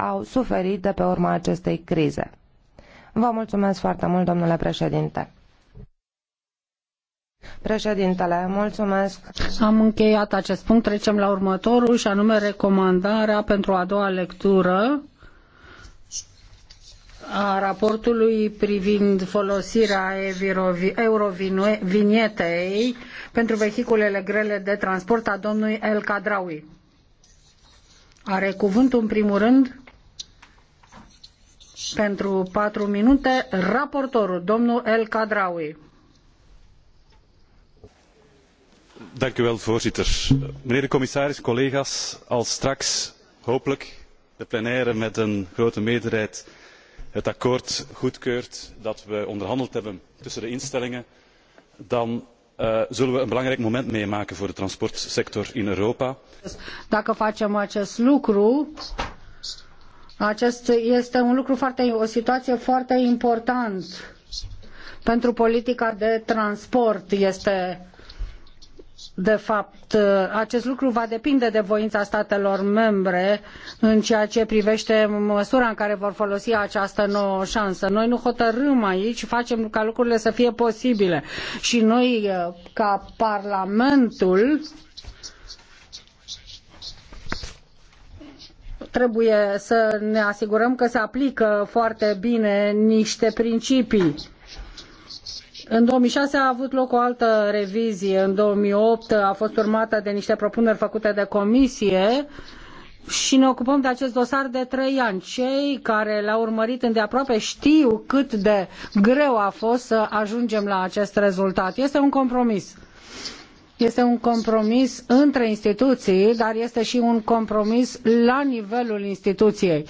au suferit de pe urma acestei crize. Vă mulțumesc foarte mult, domnule președinte. Președintele, mulțumesc. Am încheiat acest punct. Trecem la următorul și anume recomandarea pentru a doua lectură a raportului privind folosirea eurovinietei pentru vehiculele grele de transport a domnului El Cadraui. Are cuvântul în primul rând pentru patru minute raportorul, domnul El Kadraoui. Dank u wel, voorzitter. Meneer de commissaris, collega's, als straks hopelijk de plenaire met een grote meerderheid het akkoord goedkeurt dat we onderhandeld hebben tussen de instellingen, dan eh, zullen we een belangrijk moment meemaken voor de transportsector in Europa. Dacă facem acest lucru, acest este un lucru foarte, o situație foarte importantă pentru politica de transport. Este de fapt, acest lucru va depinde de voința statelor membre în ceea ce privește măsura în care vor folosi această nouă șansă. Noi nu hotărâm aici, facem ca lucrurile să fie posibile. Și noi, ca Parlamentul, uh, trebuie să ne asigurăm că se aplică foarte bine niște principii. În 2006 a avut loc o altă revizie, în 2008 a fost urmată de niște propuneri făcute de comisie și ne ocupăm de acest dosar de trei ani. Cei care l-au urmărit îndeaproape știu cât de greu a fost să ajungem la acest rezultat. Este un compromis este un compromis între instituții, dar este și un compromis la nivelul instituției.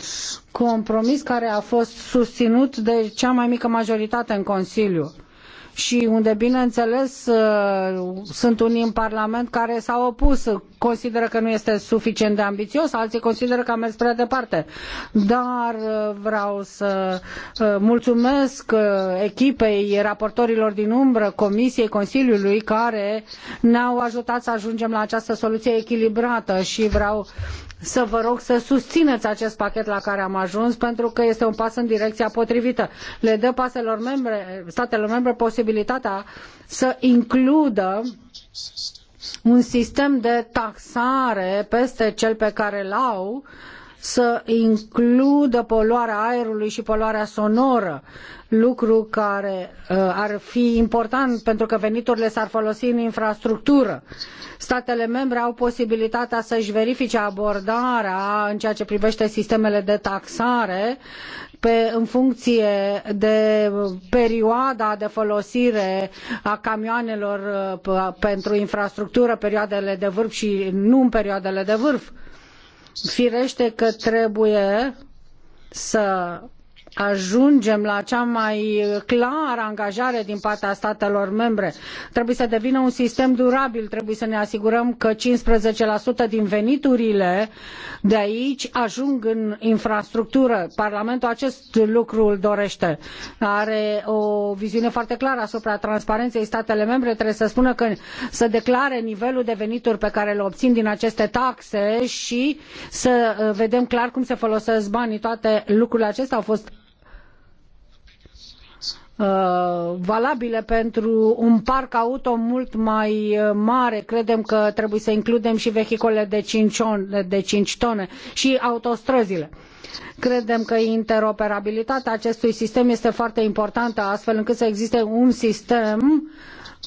Compromis care a fost susținut de cea mai mică majoritate în Consiliu și unde, bineînțeles, uh, sunt unii în Parlament care s-au opus, consideră că nu este suficient de ambițios, alții consideră că a mers prea departe. Dar uh, vreau să uh, mulțumesc echipei raportorilor din umbră, Comisiei, Consiliului, care ne-au ajutat să ajungem la această soluție echilibrată și vreau să vă rog să susțineți acest pachet la care am ajuns pentru că este un pas în direcția potrivită. Le dă paselor membre, statelor membre posibilitatea să includă un sistem de taxare peste cel pe care l-au uh, să includă poluarea aerului și poluarea sonoră, lucru care uh, ar fi important pentru că veniturile s-ar folosi în infrastructură. Statele membre au posibilitatea să-și verifice abordarea în ceea ce privește sistemele de taxare pe, în funcție de perioada de folosire a camioanelor uh, pentru infrastructură, perioadele de vârf și nu în perioadele de vârf. Firește că trebuie să ajungem la cea mai clară angajare din partea statelor membre. Trebuie să devină un sistem durabil, trebuie să ne asigurăm că 15% din veniturile de aici ajung în infrastructură. Parlamentul acest lucru îl dorește. Are o viziune foarte clară asupra transparenței. Statele membre trebuie să spună că să declare nivelul de venituri pe care le obțin din aceste taxe și să vedem clar cum se folosesc banii. Toate lucrurile acestea au fost Uh, valabile pentru un parc auto mult mai uh, mare. Credem că trebuie să includem și vehiculele de 5, de 5 tone și autostrăzile. Credem că interoperabilitatea acestui sistem este foarte importantă, astfel încât să existe un sistem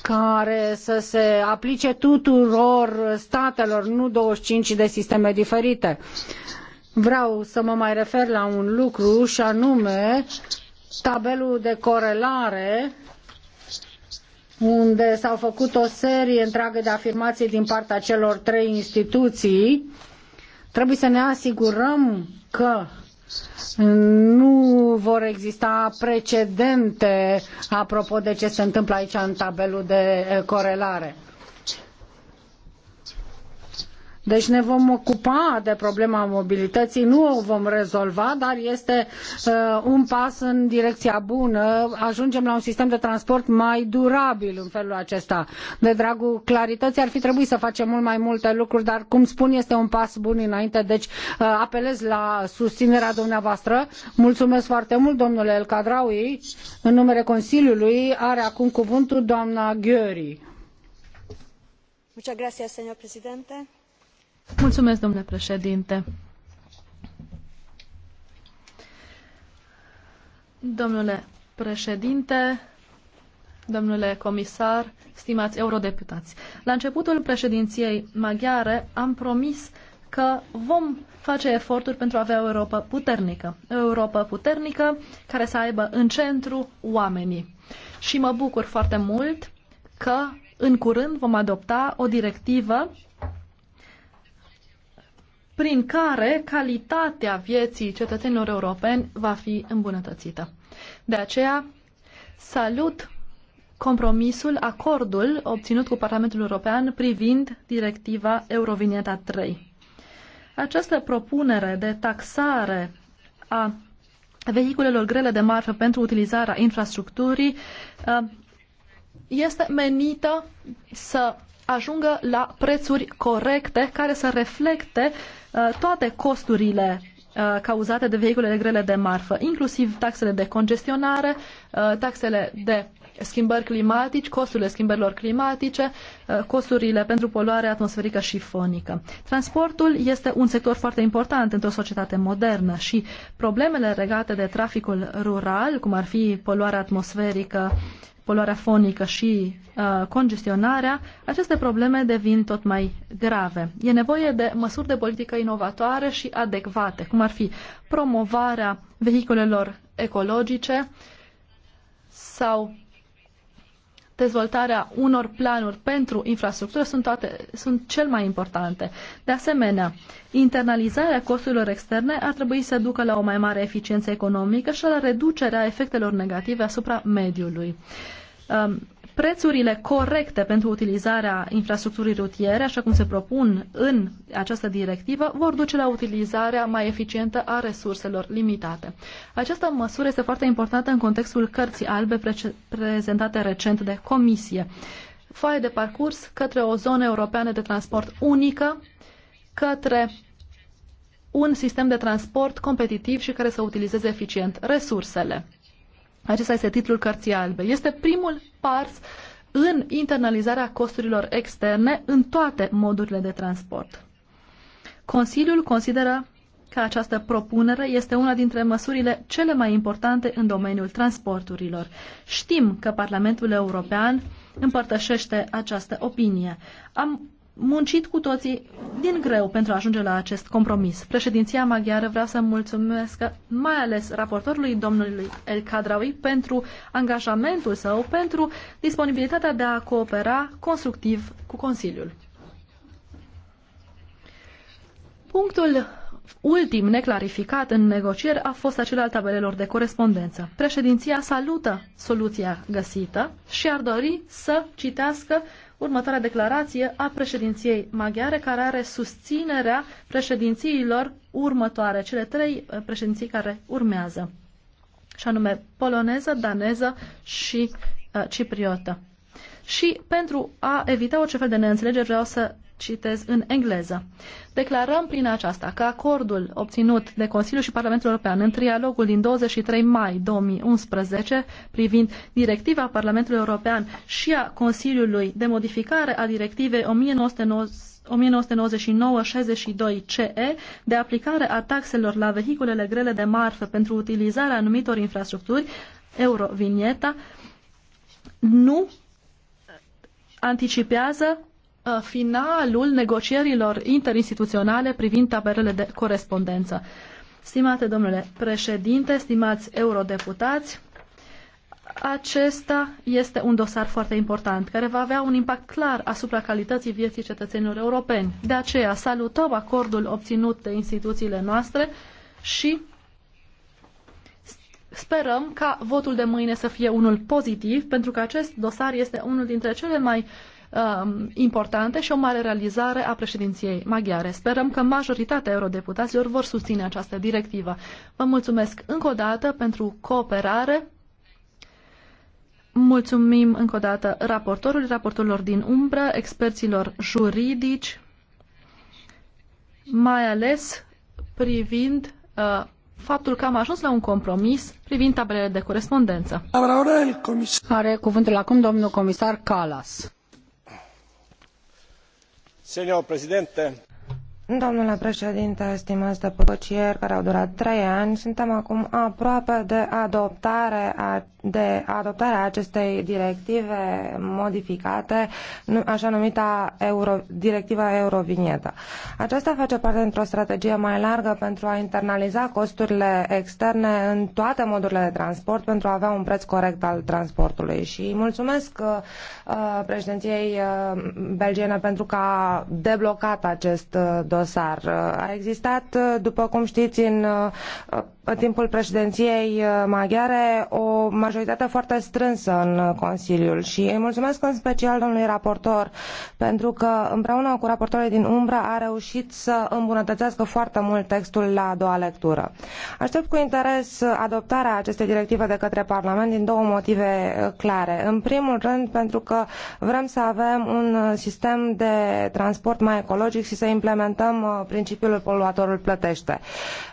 care să se aplice tuturor statelor, nu 25 de sisteme diferite. Vreau să mă mai refer la un lucru și anume tabelul de corelare unde s-au făcut o serie întreagă de afirmații din partea celor trei instituții, trebuie să ne asigurăm că nu vor exista precedente apropo de ce se întâmplă aici în tabelul de corelare. Deci ne vom ocupa de problema mobilității, nu o vom rezolva, dar este uh, un pas în direcția bună. Ajungem la un sistem de transport mai durabil în felul acesta. De dragul clarității ar fi trebuit să facem mult mai multe lucruri, dar cum spun, este un pas bun înainte, deci uh, apelez la susținerea dumneavoastră. Mulțumesc foarte mult, domnule El Cadraui. În numele Consiliului are acum cuvântul doamna Gheori. Muchas gracias, señor presidente. Mulțumesc, domnule președinte. Domnule președinte, domnule comisar, stimați eurodeputați. La începutul președinției maghiare am promis că vom face eforturi pentru a avea o Europa puternică. O Europa puternică care să aibă în centru oamenii. Și mă bucur foarte mult că în curând vom adopta o directivă prin care calitatea vieții cetățenilor europeni va fi îmbunătățită. De aceea, salut compromisul, acordul obținut cu Parlamentul European privind directiva Eurovineta 3. Această propunere de taxare a vehiculelor grele de marfă pentru utilizarea infrastructurii uh, este menită să ajungă la prețuri corecte care să reflecte Uh, toate costurile uh, cauzate de vehiculele grele de marfă, inclusiv taxele de congestionare, uh, taxele de schimbări climatice, costurile schimbărilor climatice, costurile pentru poluare atmosferică și fonică. Transportul este un sector foarte important într-o societate modernă și problemele legate de traficul rural, cum ar fi poluarea atmosferică, poluarea fonică și uh, congestionarea, aceste probleme devin tot mai grave. E nevoie de măsuri de politică inovatoare și adecvate, cum ar fi promovarea vehiculelor ecologice sau dezvoltarea unor planuri pentru infrastructură sunt, toate, sunt cel mai importante. De asemenea, internalizarea costurilor externe ar trebui să ducă la o mai mare eficiență economică și la reducerea efectelor negative asupra mediului. Um, prețurile corecte pentru utilizarea infrastructurii rutiere, așa cum se propun în această directivă, vor duce la utilizarea mai eficientă a resurselor limitate. Această măsură este foarte importantă în contextul cărții albe pre- prezentate recent de Comisie. Foaie de parcurs către o zonă europeană de transport unică, către un sistem de transport competitiv și care să utilizeze eficient resursele. Acesta este titlul cărții albe. Este primul pas în internalizarea costurilor externe în toate modurile de transport. Consiliul consideră că această propunere este una dintre măsurile cele mai importante în domeniul transporturilor. Știm că Parlamentul European împărtășește această opinie. Am muncit cu toții din greu pentru a ajunge la acest compromis. Președinția maghiară vrea să mulțumesc mai ales raportorului domnului El Kadraui pentru angajamentul său, pentru disponibilitatea de a coopera constructiv cu Consiliul. Punctul ultim neclarificat în negocieri a fost acela al tabelelor de corespondență. Președinția salută soluția găsită și ar dori să citească următoarea declarație a președinției maghiare, care are susținerea președințiilor următoare, cele trei uh, președinții care urmează, și anume poloneză, daneză și uh, cipriotă. Și pentru a evita orice fel de neînțelegeri vreau să citez în engleză. Declarăm prin aceasta că acordul obținut de Consiliul și Parlamentul European în trialogul din 23 mai 2011 privind directiva Parlamentului European și a Consiliului de modificare a directivei 1999-62-CE de aplicare a taxelor la vehiculele grele de marfă pentru utilizarea anumitor infrastructuri, Eurovinieta, nu anticipează Uh, finalul negocierilor interinstituționale privind taberele de corespondență. Stimate domnule președinte, stimați eurodeputați, acesta este un dosar foarte important, care va avea un impact clar asupra calității vieții cetățenilor europeni. De aceea salutăm acordul obținut de instituțiile noastre și sperăm ca votul de mâine să fie unul pozitiv, pentru că acest dosar este unul dintre cele mai uh, Um, importante și o mare realizare a președinției maghiare. Sperăm că majoritatea eurodeputaților vor susține această directivă. Vă mulțumesc încă o dată pentru cooperare. Mulțumim încă o dată raportorului, raportorilor din umbră, experților juridici, mai ales privind uh, faptul că am ajuns la un compromis privind tabelele de corespondență. Are cuvântul acum domnul comisar Calas. Domnule președinte, stimați deputați, care au durat trei ani, suntem acum aproape de adoptare a de adoptarea acestei directive modificate, așa numita Euro, directiva Eurovinietă. Aceasta face parte dintr-o strategie mai largă pentru a internaliza costurile externe în toate modurile de transport pentru a avea un preț corect al transportului. Și mulțumesc uh, uh președinției uh, belgiene pentru că a deblocat acest uh, dosar. Uh, a existat, uh, după cum știți, în uh, timpul președinției uh, maghiare o majoritate majoritate foarte strânsă în Consiliul și îi mulțumesc în special domnului raportor pentru că împreună cu raportorii din Umbra a reușit să îmbunătățească foarte mult textul la a doua lectură. Aștept cu interes adoptarea acestei directive de către Parlament din două motive clare. În primul rând pentru că vrem să avem un sistem de transport mai ecologic și să implementăm uh, principiul poluatorul plătește.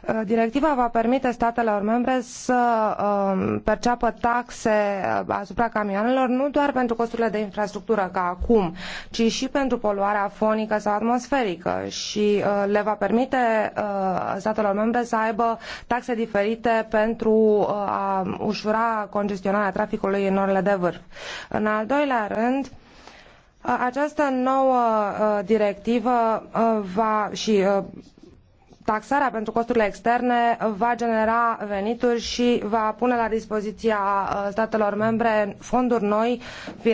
Uh, directiva va permite statelor membre să uh, perceapă taxe asupra camioanelor nu doar pentru costurile de infrastructură ca acum, ci și pentru poluarea fonică sau atmosferică și uh, le va permite uh, statelor membre să aibă taxe diferite pentru uh, a ușura congestionarea traficului în orele de vârf. În al doilea rând, această nouă directivă va și taxarea pentru costurile externe va genera venituri și va pune la dispoziția uh, statelor membre fonduri noi,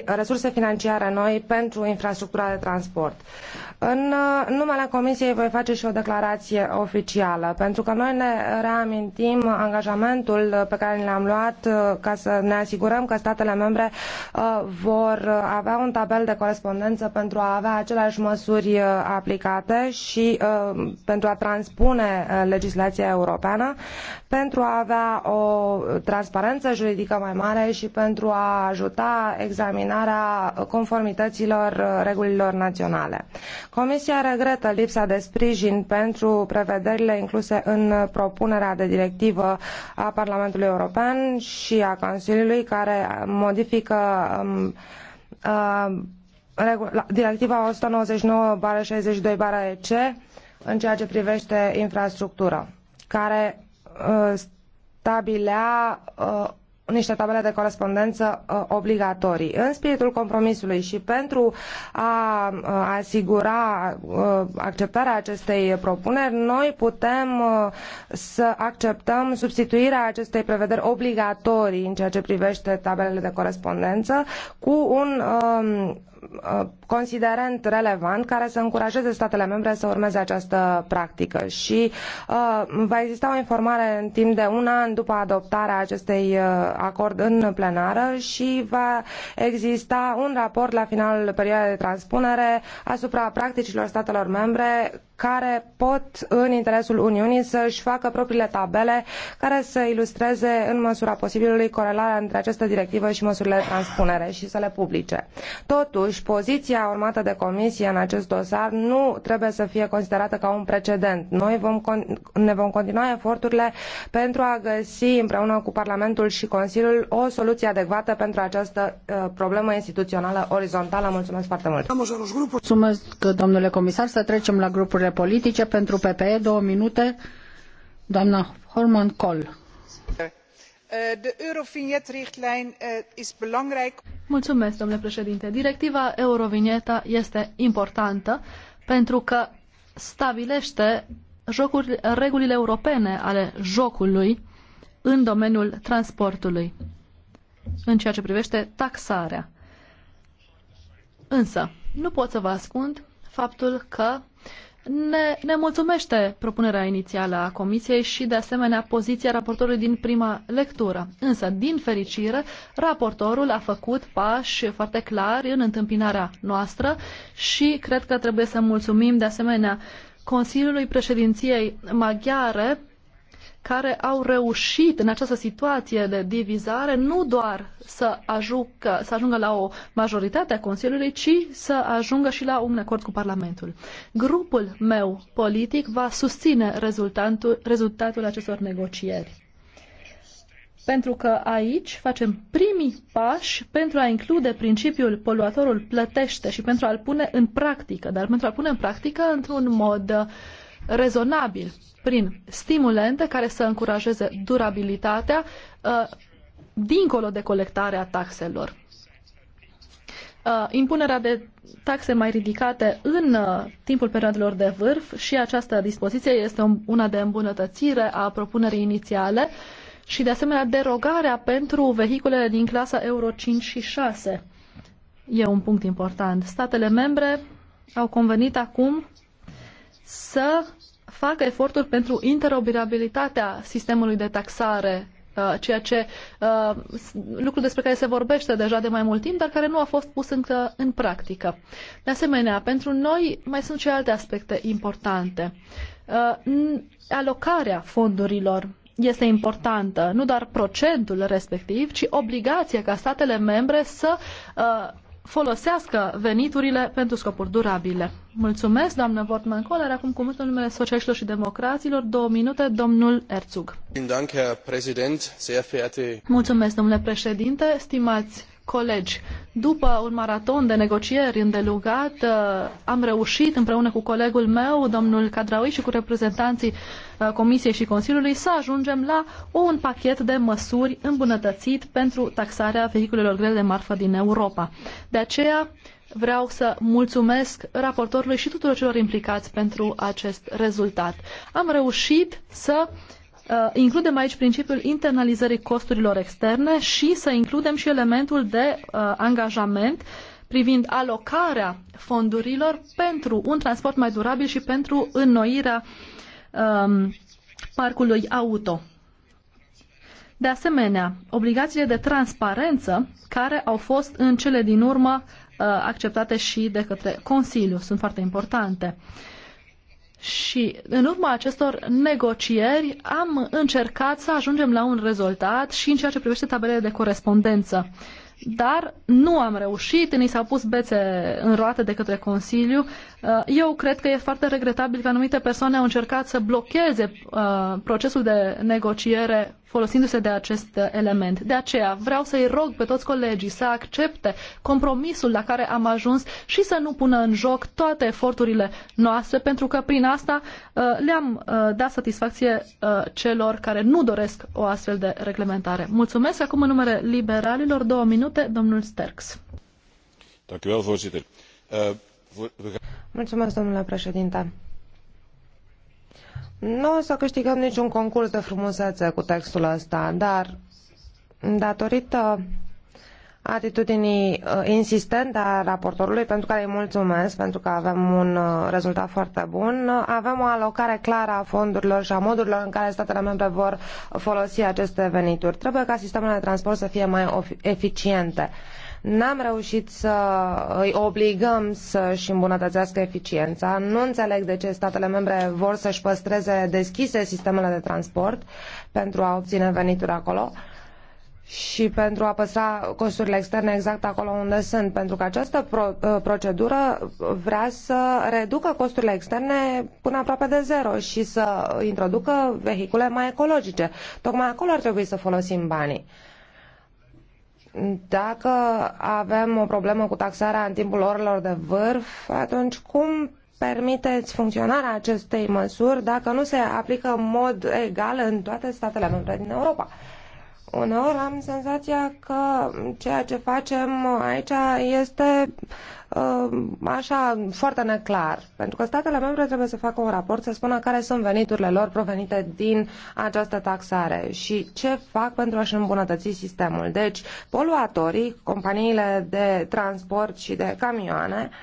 resurse financiare noi pentru infrastructura de transport. În uh, numele Comisiei voi face și o declarație oficială, pentru că noi ne reamintim angajamentul pe care l-am luat uh, ca să ne asigurăm că statele membre vor avea un tabel de corespondență pentru a avea aceleași măsuri aplicate și pentru a transpune impune uh, legislația europeană pentru a avea o transparență juridică mai mare și pentru a ajuta examinarea conformităților uh, regulilor naționale. Comisia regretă lipsa de sprijin pentru prevederile incluse în propunerea de directivă a Parlamentului European și a Consiliului care modifică um, uh, directiva 199 62 ce în ceea ce privește infrastructura, care uh, stabilea uh, niște tabele de corespondență uh, obligatorii. În spiritul compromisului și pentru a asigura acceptarea acestei propuneri, noi putem să acceptăm substituirea acestei prevederi obligatorii în ceea ce privește tabelele de corespondență cu un um, Uh, considerent relevant care să încurajeze statele membre să urmeze această practică și uh, va exista o informare în timp de un an după adoptarea acestei uh, acord în plenară și va exista un raport la finalul perioadei de transpunere asupra practicilor statelor membre care pot, în interesul Uniunii, să-și facă propriile tabele care să ilustreze în măsura posibilului corelarea între această directivă și măsurile de transpunere și să le publice. Totuși, poziția urmată de Comisie în acest dosar nu trebuie să fie considerată ca un precedent. Noi vom, ne vom continua eforturile pentru a găsi împreună cu Parlamentul și Consiliul o soluție adecvată pentru această uh, problemă instituțională orizontală. Mulțumesc foarte mult! Mulțumesc, domnule comisar. Să trecem la grupurile grupurile politice. Pentru PPE, două minute, doamna Horman Col. Eh, Mulțumesc, domnule președinte. Directiva Eurovinieta este importantă pentru că stabilește jocuri, regulile europene ale jocului în domeniul transportului, în ceea ce privește taxarea. Însă, nu pot să vă ascund faptul că ne, ne mulțumește propunerea inițială a Comisiei și, de asemenea, poziția raportorului din prima lectură. Însă, din fericire, raportorul a făcut pași foarte clari în întâmpinarea noastră și cred că trebuie să mulțumim, de asemenea, Consiliului Președinției Maghiare care au reușit în această situație de divizare nu doar să, ajucă, să ajungă la o majoritate a Consiliului, ci să ajungă și la un acord cu Parlamentul. Grupul meu politic va susține rezultatul, rezultatul acestor negocieri pentru că aici facem primii pași pentru a include principiul poluatorul plătește și pentru a-l pune în practică, dar pentru a-l pune în practică într-un mod rezonabil prin stimulente care să încurajeze durabilitatea uh, dincolo de colectarea taxelor. Uh, impunerea de taxe mai ridicate în uh, timpul perioadelor de vârf și această dispoziție este una de îmbunătățire a propunerii inițiale și de asemenea derogarea pentru vehiculele din clasa Euro 5 și 6. E un punct important. Statele membre au convenit acum să facă eforturi pentru interoperabilitatea sistemului de taxare uh, ceea ce uh, lucru despre care se vorbește deja de mai mult timp, dar care nu a fost pus încă în practică. De asemenea, pentru noi mai sunt și alte aspecte importante. Uh, alocarea fondurilor este importantă, nu doar procentul respectiv, ci obligația ca statele membre să folosească veniturile pentru scopuri durabile. Mulțumesc, doamnă Wortman Koller. Acum cu în numele Socialiștilor și Democraților, două minute, domnul Erzug. Mulțumesc, domnule președinte, stimați colegi. După un maraton de negocieri îndelugat, uh, am reușit împreună cu colegul meu, domnul Cadraui și cu reprezentanții uh, Comisiei și Consiliului să ajungem la un pachet de măsuri îmbunătățit pentru taxarea vehiculelor grele de marfă din Europa. De aceea vreau să mulțumesc raportorului și tuturor celor implicați pentru acest rezultat. Am reușit să uh, Uh, includem aici principiul internalizării costurilor externe și să includem și elementul de uh, angajament privind alocarea fondurilor pentru un transport mai durabil și pentru înnoirea um, parcului auto. De asemenea, obligațiile de transparență care au fost în cele din urmă uh, acceptate și de către Consiliu sunt foarte importante. Uh, și în urma acestor negocieri am încercat să ajungem la un rezultat și în ceea ce privește tabelele de corespondență. Dar nu am reușit, ni s-au pus bețe în roate de către Consiliu. Uh, eu cred că e foarte regretabil că anumite persoane au încercat să blocheze uh, procesul de negociere folosindu-se de acest element. De aceea vreau să-i rog pe toți colegii să accepte compromisul la care am ajuns și să nu pună în joc toate eforturile noastre, pentru că prin asta uh, le-am uh, dat satisfacție uh, celor care nu doresc o astfel de reglementare. Mulțumesc acum în numele liberalilor. Două minute, domnul Sterks. Mulțumesc, domnule președinte nu o să câștigăm niciun concurs de frumusețe cu textul ăsta, dar datorită atitudinii uh, insistente a raportorului, pentru care îi mulțumesc, pentru că avem un uh, rezultat foarte bun. Avem o alocare clară a fondurilor și a modurilor în care statele membre vor folosi aceste venituri. Trebuie ca sistemele de transport să fie mai eficiente. N-am reușit să îi obligăm să-și îmbunătățească eficiența. Nu înțeleg de ce statele membre vor să-și păstreze deschise sistemele de transport pentru a obține venituri acolo și pentru a păstra costurile externe exact acolo unde sunt, pentru că această pro- ă, procedură vrea să reducă costurile externe până aproape de zero și să introducă vehicule mai ecologice. Tocmai acolo ar trebui să folosim banii. Uh, dacă avem o problemă cu taxarea în timpul orelor de vârf, atunci cum permiteți funcționarea acestei măsuri dacă nu se aplică în mod egal în toate statele membre din Europa? Uneori am senzația că ceea ce facem aici este uh, așa foarte neclar, pentru că statele membre trebuie să facă un raport să spună care sunt veniturile lor provenite din această taxare și ce fac pentru a-și îmbunătăți sistemul. Deci, poluatorii, companiile de transport și de camioane uh,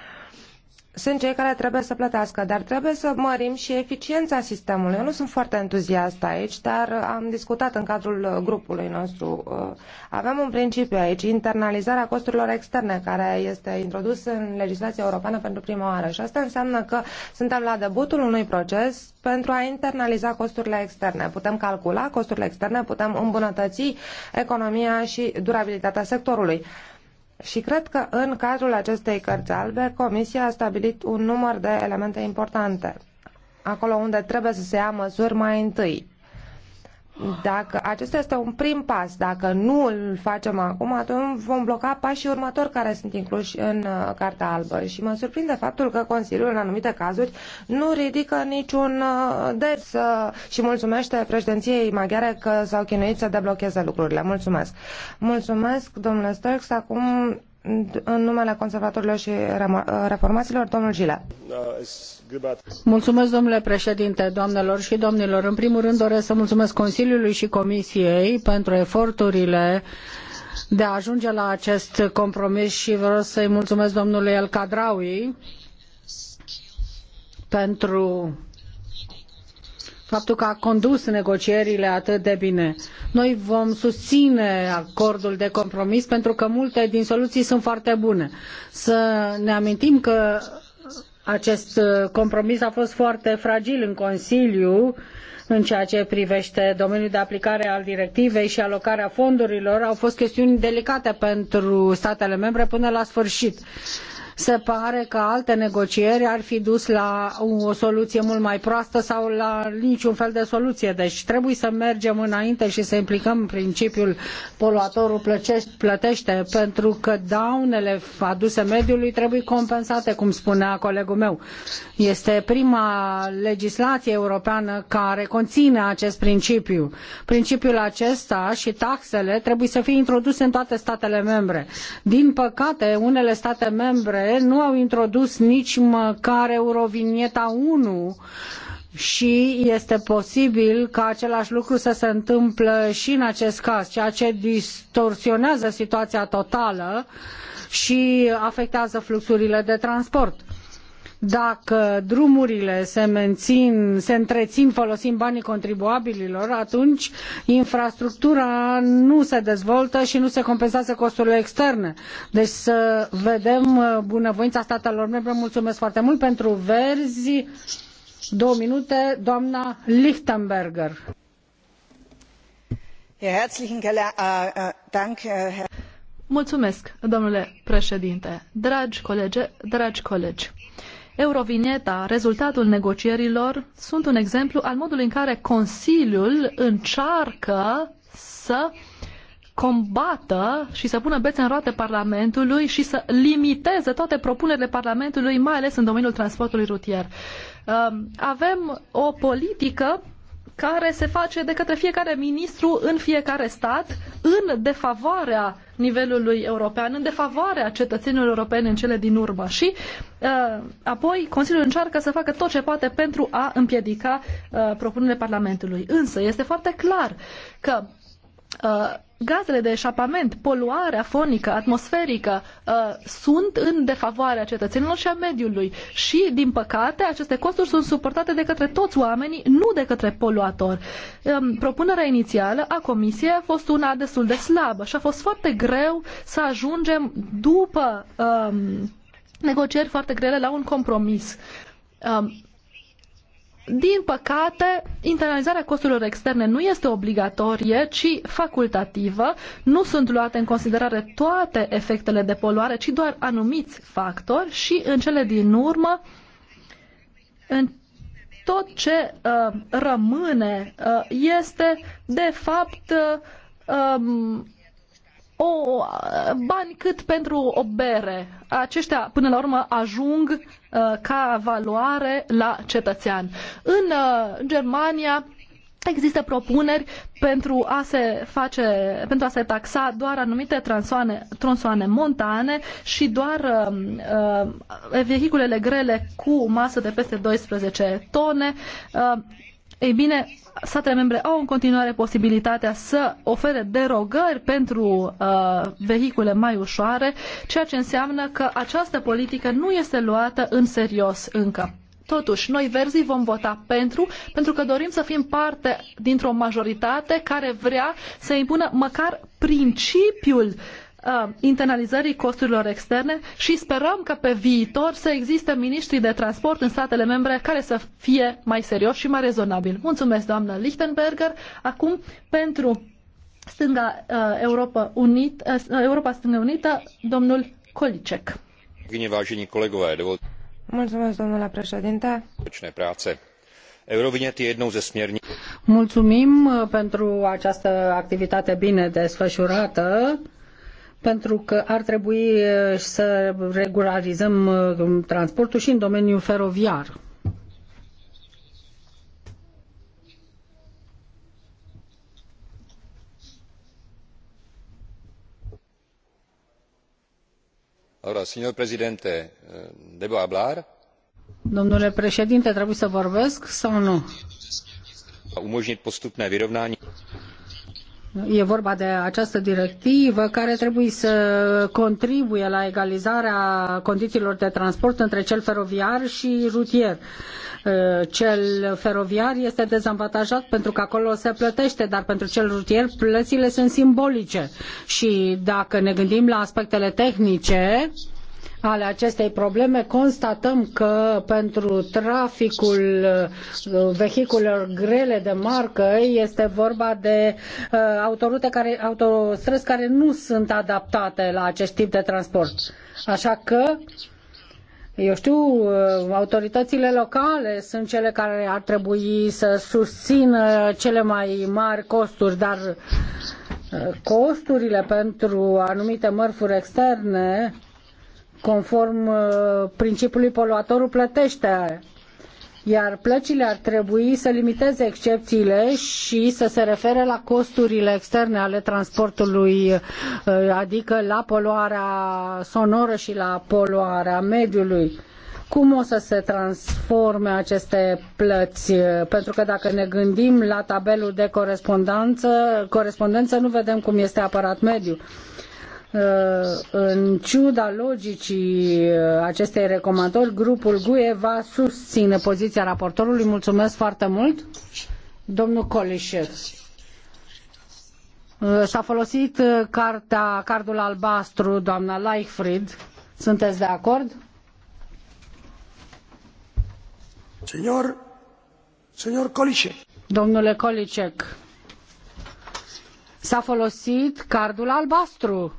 sunt cei care trebuie să plătească, dar trebuie să mărim și eficiența sistemului. Eu nu sunt foarte entuziast aici, dar am discutat în cadrul grupului nostru. Uh, avem un principiu aici, internalizarea costurilor externe, care este introdus în legislația europeană pentru prima oară. Și asta înseamnă că suntem la debutul unui proces pentru a internaliza costurile externe. Putem calcula costurile externe, putem îmbunătăți economia și durabilitatea sectorului. Și cred că în cadrul acestei cărți albe, Comisia a stabilit un număr de elemente importante, acolo unde trebuie să se ia măsuri mai întâi dacă acesta este un prim pas, dacă nu îl facem acum, atunci vom bloca pașii următori care sunt incluși în uh, cartea Albă. Și mă surprinde faptul că Consiliul, în anumite cazuri, nu ridică niciun uh, des și mulțumește președinției maghiare că s-au chinuit să deblocheze lucrurile. Mulțumesc! Mulțumesc, domnule Stoix. Acum în numele conservatorilor și reformaților, domnul Gila. Mulțumesc, domnule președinte, doamnelor și domnilor. În primul rând doresc să mulțumesc Consiliului și Comisiei pentru eforturile de a ajunge la acest compromis și vreau să-i mulțumesc domnului El Cadraui pentru faptul că a condus negocierile atât de bine. Noi vom susține acordul de compromis pentru că multe din soluții sunt foarte bune. Să ne amintim că acest compromis a fost foarte fragil în Consiliu în ceea ce privește domeniul de aplicare al directivei și alocarea fondurilor. Au fost chestiuni delicate pentru statele membre până la sfârșit se pare că alte negocieri ar fi dus la o soluție mult mai proastă sau la niciun fel de soluție. Deci trebuie să mergem înainte și să implicăm principiul poluatorul plătește, pentru că daunele aduse mediului trebuie compensate, cum spunea colegul meu. Este prima legislație europeană care conține acest principiu. Principiul acesta și taxele trebuie să fie introduse în toate statele membre. Din păcate, unele state membre țări nu au introdus nici măcar Eurovinieta 1 și este posibil ca același lucru să se întâmple și în acest caz, ceea ce distorsionează situația totală și afectează fluxurile de transport. Dacă drumurile se mențin, se întrețin folosind banii contribuabililor, atunci infrastructura nu se dezvoltă și nu se compensează costurile externe. Deci să vedem uh, bunăvoința statelor membre. Mulțumesc foarte mult pentru verzi. Două minute, doamna Lichtenberger. Mulțumesc, domnule președinte, dragi colege, dragi colegi. Eurovineta, rezultatul negocierilor, sunt un exemplu al modului în care Consiliul încearcă să combată și să pună bețe în roate Parlamentului și să limiteze toate propunerile Parlamentului, mai ales în domeniul transportului rutier. Avem o politică care se face de către fiecare ministru în fiecare stat în defavoarea nivelului european, în defavoarea cetățenilor europeni în cele din urmă. Și uh, apoi Consiliul încearcă să facă tot ce poate pentru a împiedica uh, propunerile Parlamentului. Însă este foarte clar că Uh, gazele de eșapament, poluarea fonică, atmosferică, uh, sunt în defavoarea cetățenilor și a mediului. Și, din păcate, aceste costuri sunt suportate de către toți oamenii, nu de către poluatori. Um, propunerea inițială a Comisiei a fost una destul de slabă și a fost foarte greu să ajungem după um, negocieri foarte grele la un compromis. Um, din păcate, internalizarea costurilor externe nu este obligatorie, ci facultativă. Nu sunt luate în considerare toate efectele de poluare, ci doar anumiți factori și, în cele din urmă, în tot ce uh, rămâne uh, este, de fapt, uh, um, o, o, uh, bani cât pentru o bere. Aceștia, până la urmă, ajung Uh, ca valoare la cetățean. Uh, în Germania Există propuneri pentru a se face, pentru a se taxa doar anumite tronsoane, tronsoane montane și doar um, uh, vehiculele grele cu masă de peste 12 tone. Uh, ei bine, statele membre au în continuare posibilitatea să ofere derogări pentru uh, vehicule mai ușoare, ceea ce înseamnă că această politică nu este luată în serios încă. Totuși, noi verzii vom vota pentru, pentru că dorim să fim parte dintr-o majoritate care vrea să impună măcar principiul uh, Uh, internalizării costurilor externe și sperăm că pe viitor să existe miniștri de transport în statele membre care să fie mai serioși și mai rezonabili. Mulțumesc, doamnă Lichtenberger. Acum, pentru stânga uh, Europa, Unit, uh, Europa Stângă Unită, domnul Kolicek. Mulțumesc, domnule președinte. Eurovinet e jednou ze Mulțumim pentru această activitate bine desfășurată pentru că ar trebui eh, să regularizăm eh, transportul și în domeniul feroviar. Ora, signor președinte, eh, debo hablar? Domnule președinte, trebuie să vorbesc sau nu? Umožnit postupné vyrovnání E vorba de această directivă care trebuie să contribuie la egalizarea condițiilor de transport între cel feroviar și rutier. Uh, cel feroviar este dezavantajat pentru că acolo se plătește, dar pentru cel rutier plățile sunt simbolice. Și dacă ne gândim la aspectele tehnice, ale acestei probleme, constatăm că pentru traficul uh, vehiculelor grele de marcă este vorba de uh, autorute care, autostrăzi care nu sunt adaptate la acest tip de transport. Așa că eu știu, uh, autoritățile locale sunt cele care ar trebui să susțină cele mai mari costuri, dar costurile pentru anumite mărfuri externe conform uh, principiului poluatorul plătește iar plăcile ar trebui să limiteze excepțiile și să se refere la costurile externe ale transportului, uh, adică la poluarea sonoră și la poluarea mediului. Cum o să se transforme aceste plăți? Pentru că dacă ne gândim la tabelul de corespondență, corespondență nu vedem cum este apărat mediul Uh, în ciuda logicii uh, acestei recomandări, grupul GUE va susține poziția raportorului. Mulțumesc foarte mult, domnul Colișev. Uh, s-a folosit cartea, cardul albastru, doamna Leichfried. Sunteți de acord? Senor, senor Kolicek. Domnule Kolicek, s-a folosit cardul albastru.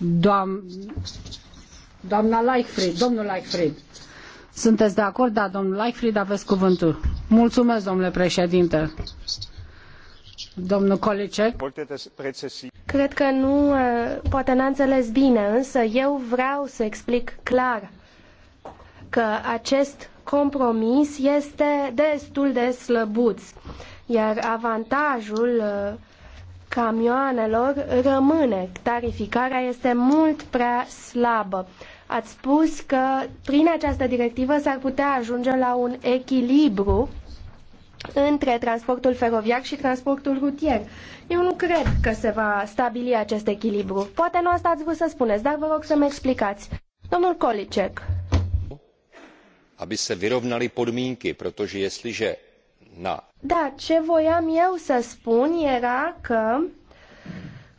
Doam... Doamna Leichfried, domnul Leichfried. Sunteți de acord? Da, domnul Leichfried, aveți cuvântul. Mulțumesc, domnule președinte. Domnul Kolicek. Cred că nu, poate n-a înțeles bine, însă eu vreau să explic clar că acest compromis este destul de slăbuț, iar avantajul uh, camioanelor rămâne. Tarificarea este mult prea slabă. Ați spus că prin această directivă s-ar putea ajunge la un echilibru între transportul feroviar și transportul rutier. Eu nu cred că se va stabili acest echilibru. Poate nu asta ați vrut să spuneți, dar vă rog să-mi explicați. Domnul Kolicek. Aby se vyrovnali podmínky, protože jestliže na da, ce voiam eu să spun era că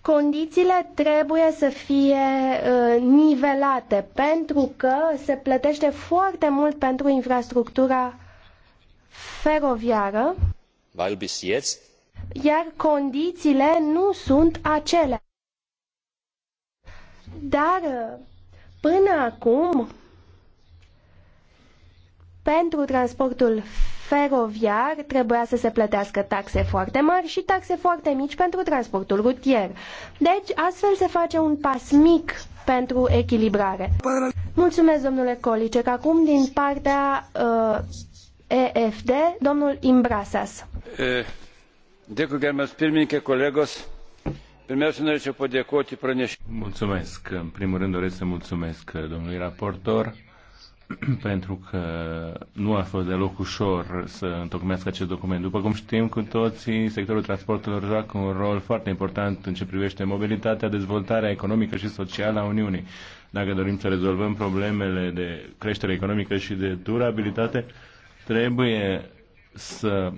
condițiile trebuie să fie uh, nivelate pentru că se plătește foarte mult pentru infrastructura feroviară iar condițiile nu sunt acelea. Dar uh, până acum pentru transportul feroviar trebuia să se plătească taxe foarte mari și taxe foarte mici pentru transportul rutier. Deci, astfel se face un pas mic pentru echilibrare. Mulțumesc, domnule Colice, că acum din partea uh, EFD, domnul Imbrasas. Eh, dėkui, gerbiamas pirmininkė, colegos, Mulțumesc. În primul rând doresc să mulțumesc domnului raportor pentru că nu a fost deloc ușor să întocmească acest document. După cum știm cu toții, sectorul transporturilor joacă un rol foarte important în ce privește mobilitatea, dezvoltarea economică și socială a Uniunii. Dacă dorim să rezolvăm problemele de creștere economică și de durabilitate, trebuie să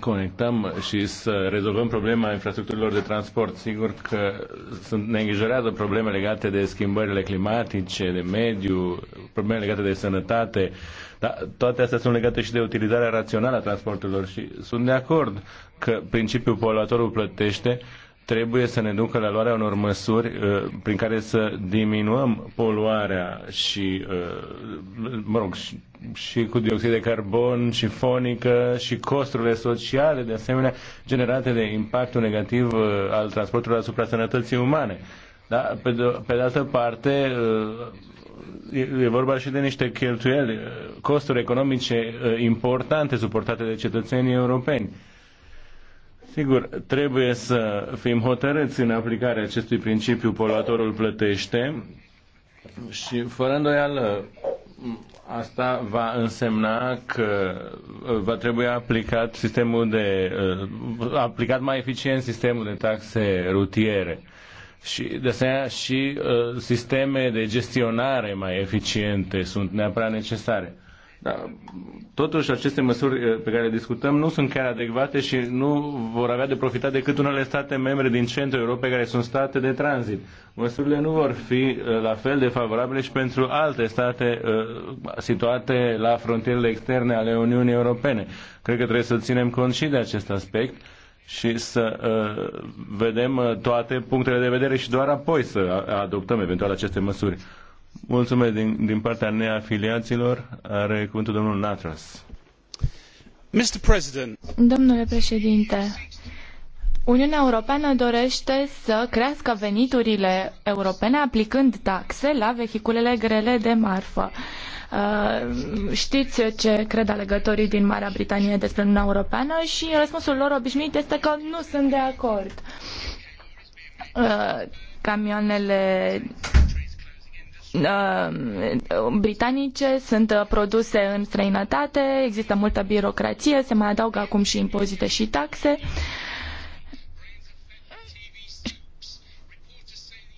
conectăm și să rezolvăm problema infrastructurilor de transport. Sigur că sunt, ne îngrijorează probleme legate de schimbările climatice, de mediu, probleme legate de sănătate, dar toate astea sunt legate și de utilizarea rațională a transporturilor și sunt de acord că principiul poluatorul plătește uh, trebuie să ne ducă la luarea unor măsuri uh, prin care să diminuăm poluarea și, uh, mă rog, și, și cu dioxid de carbon și fonică și costurile sociale, de asemenea, generate de impactul negativ uh, al transportului asupra sănătății umane. Da? Pe, de, pe de altă parte, uh, e, e vorba și de niște cheltuieli, uh, costuri economice uh, importante suportate de cetățenii europeni. Uh, Sigur, trebuie să fim hotărâți în aplicarea acestui principiu poluatorul plătește și fără îndoială asta va însemna că uh, va trebui aplicat sistemul de uh, aplicat mai eficient sistemul de taxe rutiere și de asemenea și uh, sisteme de gestionare mai eficiente sunt neapărat necesare. Da. totuși, aceste măsuri eh, pe care le discutăm nu sunt chiar adecvate și nu vor avea de profitat decât unele state membre din centrul Europei care sunt state de tranzit. Măsurile nu vor fi eh, la fel de favorabile și pentru alte state eh, situate la frontierele externe ale Uniunii Europene. Cred că trebuie să ținem cont și de acest aspect și să vedem toate punctele de vedere și doar apoi să adoptăm eventual aceste măsuri. Mulțumesc din, din partea neafiliaților. Are cuvântul domnul Natras. Mr. President. Domnule președinte, Uniunea Europeană dorește să crească veniturile europene aplicând taxe la vehiculele grele de marfă. Uh, știți ce cred alegătorii din Marea Britanie despre Uniunea Europeană și răspunsul lor obișnuit este că nu sunt de acord. Uh, camioanele Uh, britanice sunt uh, produse în străinătate, există multă birocrație, se mai adaugă acum și impozite și taxe.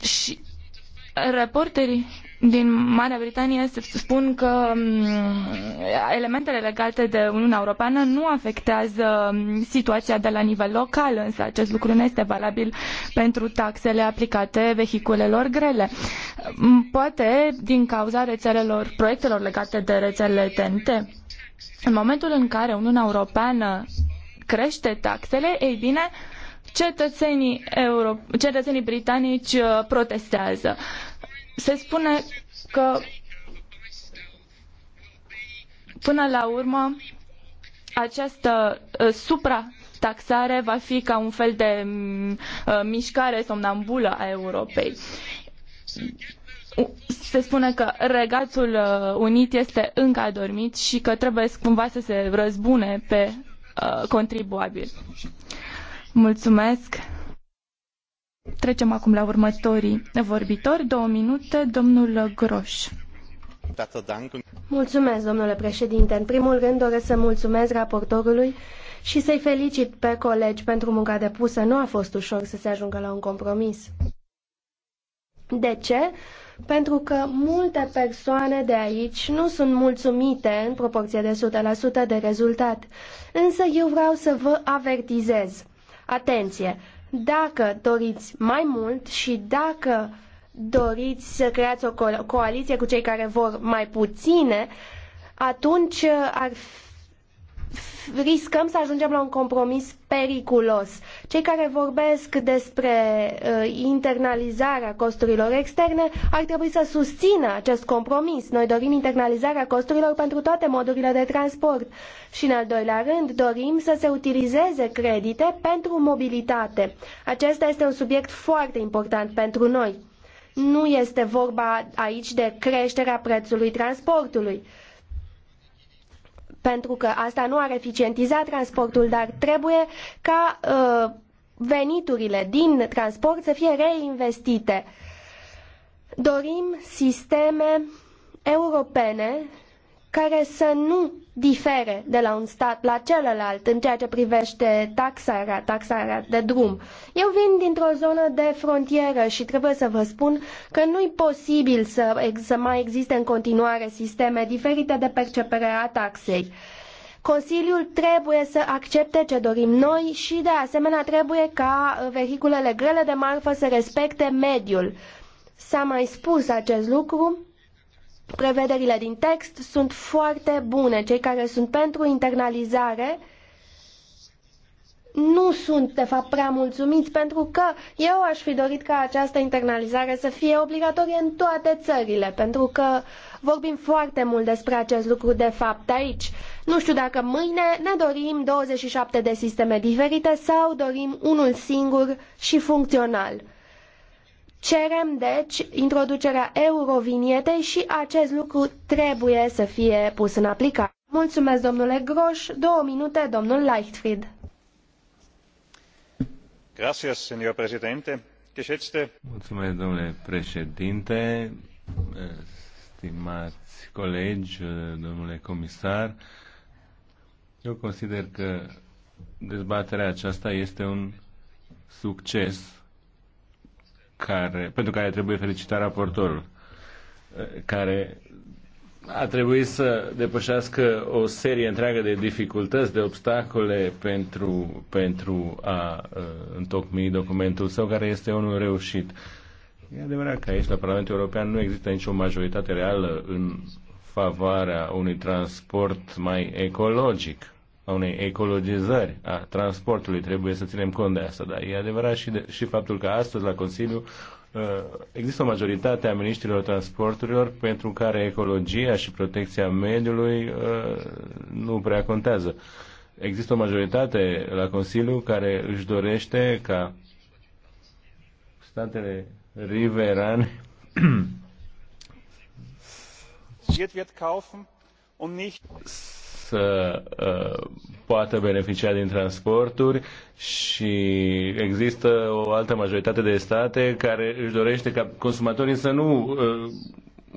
Și reporterii din Marea Britanie spun că mm, elementele legate de Uniunea Europeană nu afectează mm, situația de la nivel local, însă acest lucru nu este valabil pentru taxele aplicate vehiculelor grele. Mm, poate din cauza rețelelor, proiectelor legate de rețelele TNT. În momentul în care Uniunea Europeană crește taxele, ei bine, cetățenii, euro, cetățenii britanici uh, protestează. Uh, se spune că până la urmă această ă, suprataxare va fi ca un fel de ă, mișcare somnambulă a Europei. Se spune că Regatul ă, Unit este încă adormit și că trebuie cumva să se răzbune pe contribuabil. Mulțumesc! Trecem acum la următorii vorbitori. Două minute, domnul Groș. Mulțumesc, domnule președinte. În primul rând doresc să mulțumesc raportorului și să-i felicit pe colegi pentru munca depusă. Nu a fost ușor să se ajungă la un compromis. De ce? Pentru că multe persoane de aici nu sunt mulțumite în proporție de 100% de rezultat. Însă eu vreau să vă avertizez. Atenție! Dacă doriți mai mult și dacă doriți să creați o coaliție cu cei care vor mai puține, atunci ar riscăm să ajungem la un compromis periculos. Cei care vorbesc despre uh, internalizarea costurilor externe ar trebui să susțină acest compromis. Noi dorim internalizarea costurilor pentru toate modurile de transport și, în al doilea rând, dorim să se utilizeze credite pentru mobilitate. Acesta este un subiect foarte important pentru noi. Nu este vorba aici de creșterea prețului transportului pentru că asta nu ar eficientiza transportul, dar trebuie ca uh, veniturile din transport să fie reinvestite. Dorim sisteme europene care să nu difere de la un stat la celălalt în ceea ce privește taxarea, taxarea de drum. Eu vin dintr-o zonă de frontieră și trebuie să vă spun că nu este posibil să, să mai existe în continuare sisteme diferite de percepere a taxei. Consiliul trebuie să accepte ce dorim noi și, de asemenea, trebuie ca vehiculele grele de marfă să respecte mediul. S-a mai spus acest lucru, Prevederile din text sunt foarte bune. Cei care sunt pentru internalizare nu sunt, de fapt, prea mulțumiți pentru că eu aș fi dorit ca această internalizare să fie obligatorie în toate țările, pentru că vorbim foarte mult despre acest lucru, de fapt, aici. Nu știu dacă mâine ne dorim 27 de sisteme diferite sau dorim unul singur și funcțional. Cerem, deci, introducerea eurovinietei și acest lucru trebuie să fie pus în aplicare. Mulțumesc, domnule Groș. Două minute, domnul Leichtfried. Gracias, señor presidente. Mulțumesc, domnule președinte, stimați colegi, domnule comisar. Eu consider că dezbaterea aceasta este un succes care, pentru care trebuie felicitat raportorul, care a trebuit să depășească o serie întreagă de dificultăți, de obstacole pentru, pentru a uh, întocmi documentul său, care este unul reușit. E adevărat că aici, la Parlamentul European, nu există nicio majoritate reală în favoarea unui transport mai ecologic a unei ecologizări a transportului. Trebuie să ținem cont de asta, dar e adevărat și, de, și faptul că astăzi la Consiliu uh, există o majoritate a ministrilor transporturilor pentru care ecologia și protecția mediului uh, nu prea contează. Există o majoritate la Consiliu care își dorește ca statele riverane să să uh, poată beneficia din transporturi și există o altă majoritate de state care își dorește ca consumatorii să nu uh,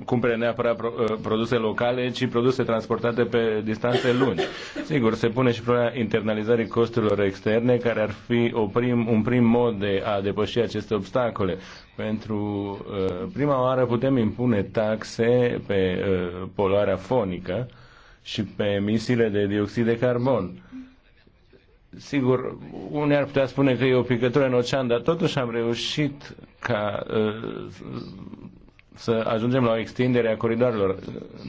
cumpere neapărat pro, uh, produse locale, ci produse transportate pe distanțe lungi. Sigur, se pune și problema internalizării costurilor externe, care ar fi o prim, un prim mod de a depăși aceste obstacole. Pentru uh, prima oară putem impune taxe pe uh, poluarea fonică, uh, și pe emisiile de dioxid de carbon. Sigur, unii ar putea spune că e o picătură în ocean, dar totuși am reușit ca ă, să ajungem la o extindere a coridoarelor.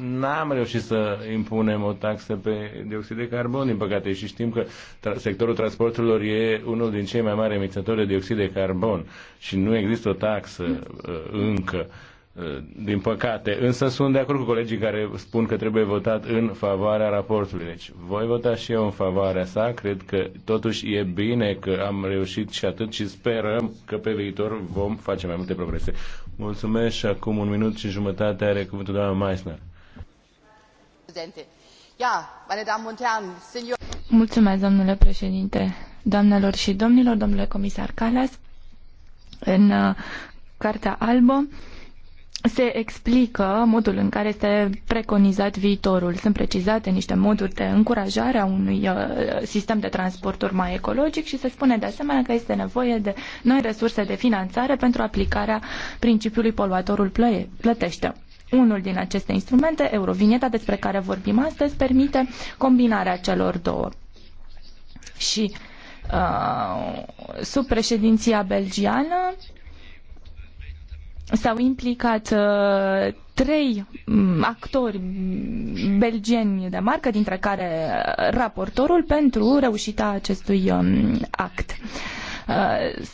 N-am reușit să impunem o taxă pe dioxid de carbon, din păcate, și știm că tra- sectorul transporturilor e unul din cei mai mari emițători de dioxid de carbon și nu există o taxă uh, încă. Uh, Eh, din păcate. Însă sunt de acord cu colegii care spun că trebuie votat în favoarea raportului. Deci voi vota și eu în favoarea sa. Cred că totuși e bine că am reușit și atât și sperăm că pe viitor vom face mai multe progrese. Mulțumesc și acum un minut și jumătate are cuvântul doamna Meissner. Mulțumesc, domnule președinte, doamnelor și domnilor, domnule comisar Calas. În uh, Cartea Albă, se explică modul în care este preconizat viitorul. Sunt precizate niște moduri de încurajare a unui uh, sistem de transporturi mai ecologic și se spune de asemenea că este nevoie de noi resurse de finanțare pentru aplicarea principiului poluatorul plătește. Unul din aceste instrumente, eurovineta despre care vorbim astăzi, permite combinarea celor două. Și uh, sub președinția belgiană, s-au implicat uh, trei mm, actori belgeni de marcă, dintre care uh, raportorul pentru reușita acestui um, act. Uh,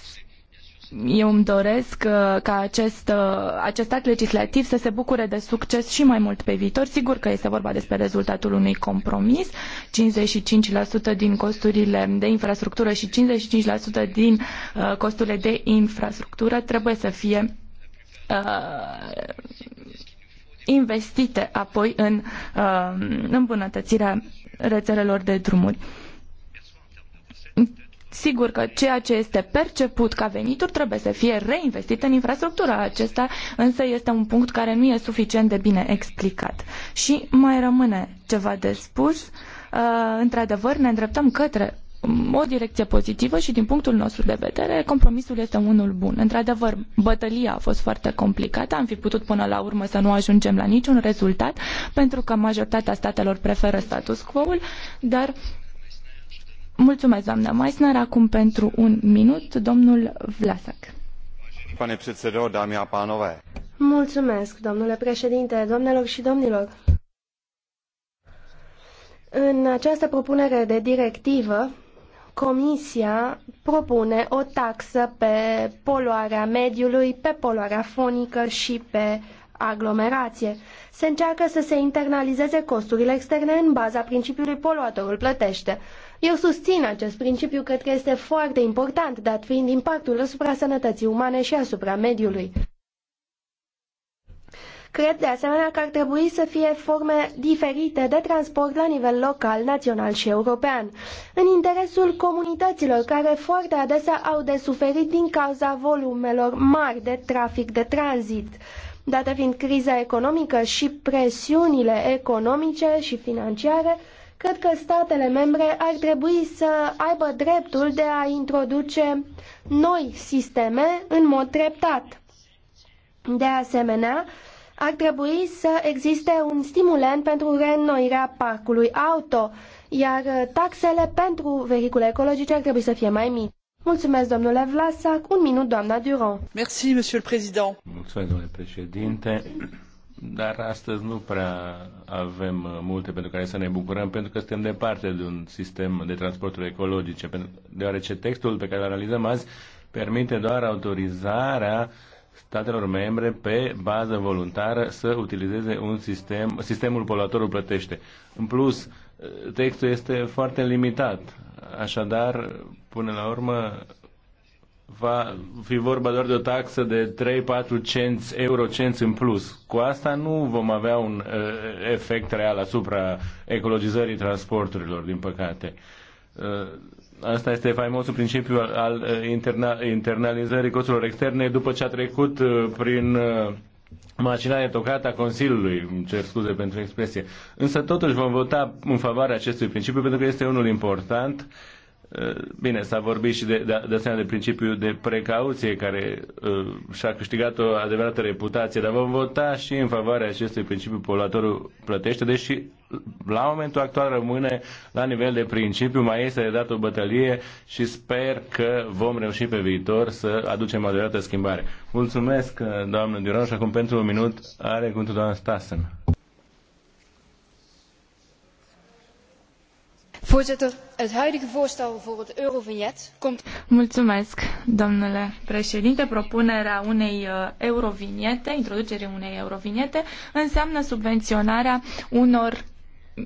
eu îmi doresc uh, ca acest, uh, acest act legislativ să se bucure de succes și mai mult pe viitor. Sigur că este vorba despre rezultatul unui compromis, 55% din costurile de infrastructură și 55% din costurile de infrastructură trebuie să fie Uh, investite apoi în uh, îmbunătățirea rețelelor de drumuri. Sigur că ceea ce este perceput ca venituri trebuie să fie reinvestit în infrastructura Acesta însă este un punct care nu e suficient de bine explicat. Și mai rămâne ceva de spus. Uh, într-adevăr, ne îndreptăm către o direcție pozitivă și din punctul nostru de vedere compromisul este unul bun. Într-adevăr, bătălia a fost foarte complicată, am fi putut până la urmă să nu ajungem la niciun rezultat pentru că majoritatea statelor preferă status quo-ul, dar mulțumesc doamna Meissner, acum pentru un minut domnul Vlasac. Pane předsedo, dámy a pánové. Mulțumesc, domnule președinte, doamnelor și domnilor. În această propunere de directivă Comisia propune o taxă pe poluarea mediului, pe poluarea fonică și pe aglomerație. Se încearcă să se internalizeze costurile externe în baza principiului poluatorul plătește. Eu susțin acest principiu, cred că este foarte important, dat fiind impactul asupra sănătății umane și asupra mediului. Cred de asemenea că ar trebui să fie forme diferite de transport la nivel local, național și european, în interesul comunităților care foarte adesea au de suferit din cauza volumelor mari de trafic de tranzit Date fiind criza economică și presiunile economice și financiare, cred că statele membre ar trebui să aibă dreptul de a introduce noi sisteme în mod treptat. De asemenea, ar trebui să existe un stimulent pentru reînnoirea parcului auto, iar taxele pentru vehicule ecologice ar trebui să fie mai mici. Mulțumesc, domnule Vlasac. Un minut, doamna Durand. Merci, monsieur le président. Mulțumesc, domnule președinte. Dar astăzi nu prea avem multe pentru care să ne bucurăm, pentru că suntem departe de un sistem de transporturi ecologice, deoarece textul pe care îl analizăm azi permite doar autorizarea uh, statelor membre pe bază voluntară să utilizeze un sistem, sistemul poluatorul plătește. În plus, textul este foarte limitat, așadar, până la urmă, va fi vorba doar de o taxă de 3-4 cenți, cenți în plus. Cu asta nu vom avea un uh, efect real asupra ecologizării transporturilor, din păcate. Uh, Asta este faimosul principiu al eh, interna, internalizării costurilor externe după ce a trecut eh, prin eh, mașinare tocată a Consiliului, îmi cer scuze pentru expresie. Însă totuși vom vota în favoarea acestui principiu pentru că este unul important Bine, s-a vorbit și de, de, de asemenea de principiul de precauție care uh, și-a câștigat o adevărată reputație, dar vom vota și în favoarea acestui principiu poluatorul plătește, deși la momentul actual rămâne la nivel de principiu, mai este de dat o bătălie și sper că vom reuși pe viitor să aducem adevărată schimbare. Mulțumesc, doamnă Duran, și acum pentru un minut are cuvântul doamna Stassen. Voorzitter, het huidige voorstel voor het eurovignet komt. Mulțumesc, domnule președinte. Propunerea unei uh, eurovinete, introducerea unei eurovinete, înseamnă subvenționarea unor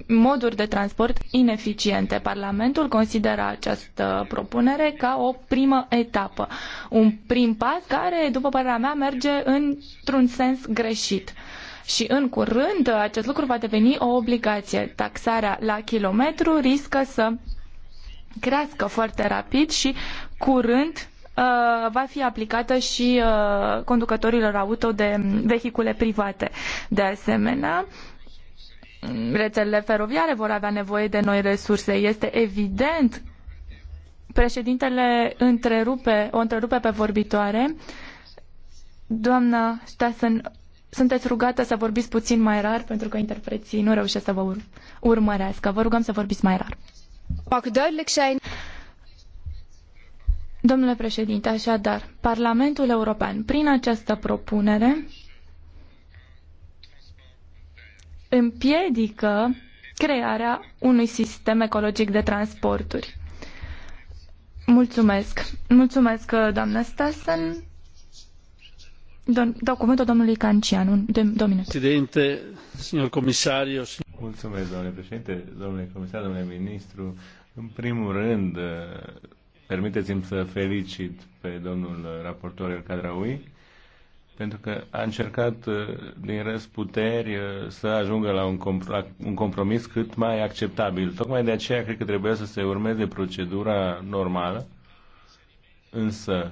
moduri de transport ineficiente. Parlamentul consideră această propunere ca o primă etapă, un prim pas care, după părerea mea, merge într-un sens greșit și în curând acest lucru va deveni o obligație. Taxarea la kilometru riscă să crească foarte rapid și curând uh, va fi aplicată și uh, conducătorilor auto de vehicule private. De asemenea, rețelele feroviare vor avea nevoie de noi resurse. Este evident, președintele întrerupe, o întrerupe pe vorbitoare. Doamna Stassen sunteți rugată să vorbiți puțin mai rar pentru că interpreții nu reușesc să vă ur- urmărească. Vă rugăm să vorbiți mai rar. Domnule președinte, așadar, Parlamentul European, prin această propunere, împiedică crearea unui sistem ecologic de transporturi. Mulțumesc. Mulțumesc, doamnă Stassen. Dau domnului Cancian, un, Presidente, signor comisario. Mulțumesc, domnule președinte, domnule comisar, domnule ministru. În primul rând, eh, permiteți-mi să felicit pe domnul raportor El Cadraui, pentru că a încercat eh, din răsputeri eh, să ajungă la un, un compromis cât mai acceptabil. Tocmai de aceea cred că trebuie să se urmeze procedura normală, însă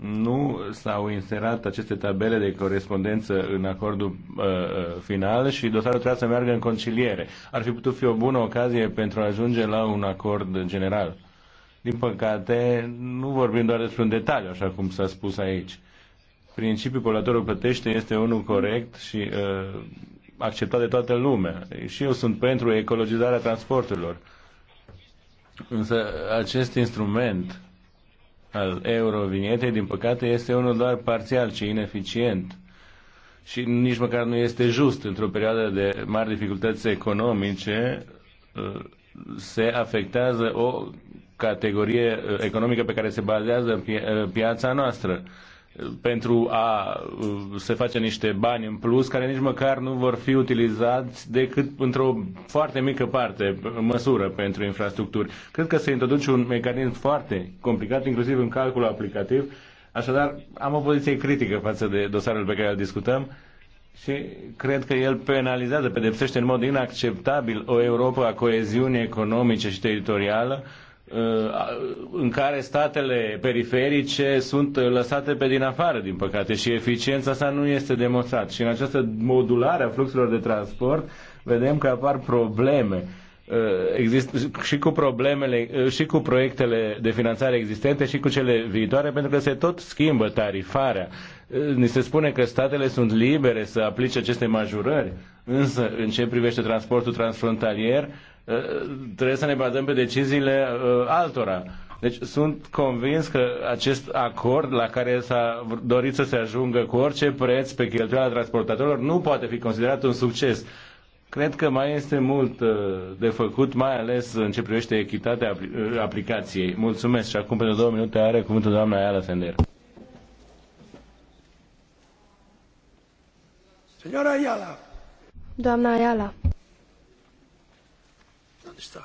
nu s-au inserat aceste tabele de corespondență în acordul uh, uh, final și dosarul trebuia să meargă în conciliere. Ar fi putut fi o bună ocazie pentru a ajunge la un acord general. Din păcate, nu vorbim doar despre un detaliu, așa cum s-a spus aici. Principiul poluatorul plătește este unul corect și uh, acceptat de toată lumea. Și eu sunt pentru ecologizarea transporturilor. Însă acest instrument al eurovinietei, din păcate, este unul doar parțial, ci ineficient și nici măcar nu este just într-o perioadă de mari dificultăți economice uh, se afectează o categorie uh, economică pe care se bazează pia uh, piața noastră pentru a uh, se face niște bani în plus, care nici măcar nu vor fi utilizați decât într-o foarte mică parte, măsură pentru infrastructuri. Cred că se introduce un mecanism foarte complicat, inclusiv în calculul aplicativ. Așadar, am o poziție critică față de dosarul pe care îl discutăm și cred că el penalizează, pedepsește în mod inacceptabil o Europa a coeziunii economice și teritorială, Uh, în care statele periferice sunt uh, lăsate pe din afară, din păcate, și eficiența sa nu este demonstrată. Și în această modulare a fluxurilor de transport vedem că apar probleme. Uh, Există și cu problemele, și cu proiectele de finanțare existente și cu cele viitoare, pentru că se tot schimbă tarifarea Eh, ni se spune că statele sunt libere să aplice aceste majorări, însă în ce privește transportul transfrontalier, eh, trebuie să ne bazăm pe deciziile eh, altora. Deci sunt convins că acest acord la care s-a dorit să se ajungă cu orice preț pe cheltuiala transportatorilor nu poate fi considerat un succes. Cred că mai este mult de făcut, mai ales în ce privește echitatea aplicației. Mulțumesc și acum pentru două minute are cuvântul doamna Ayala Sender. Señora Ayala. Doamna Ayala. Unde está?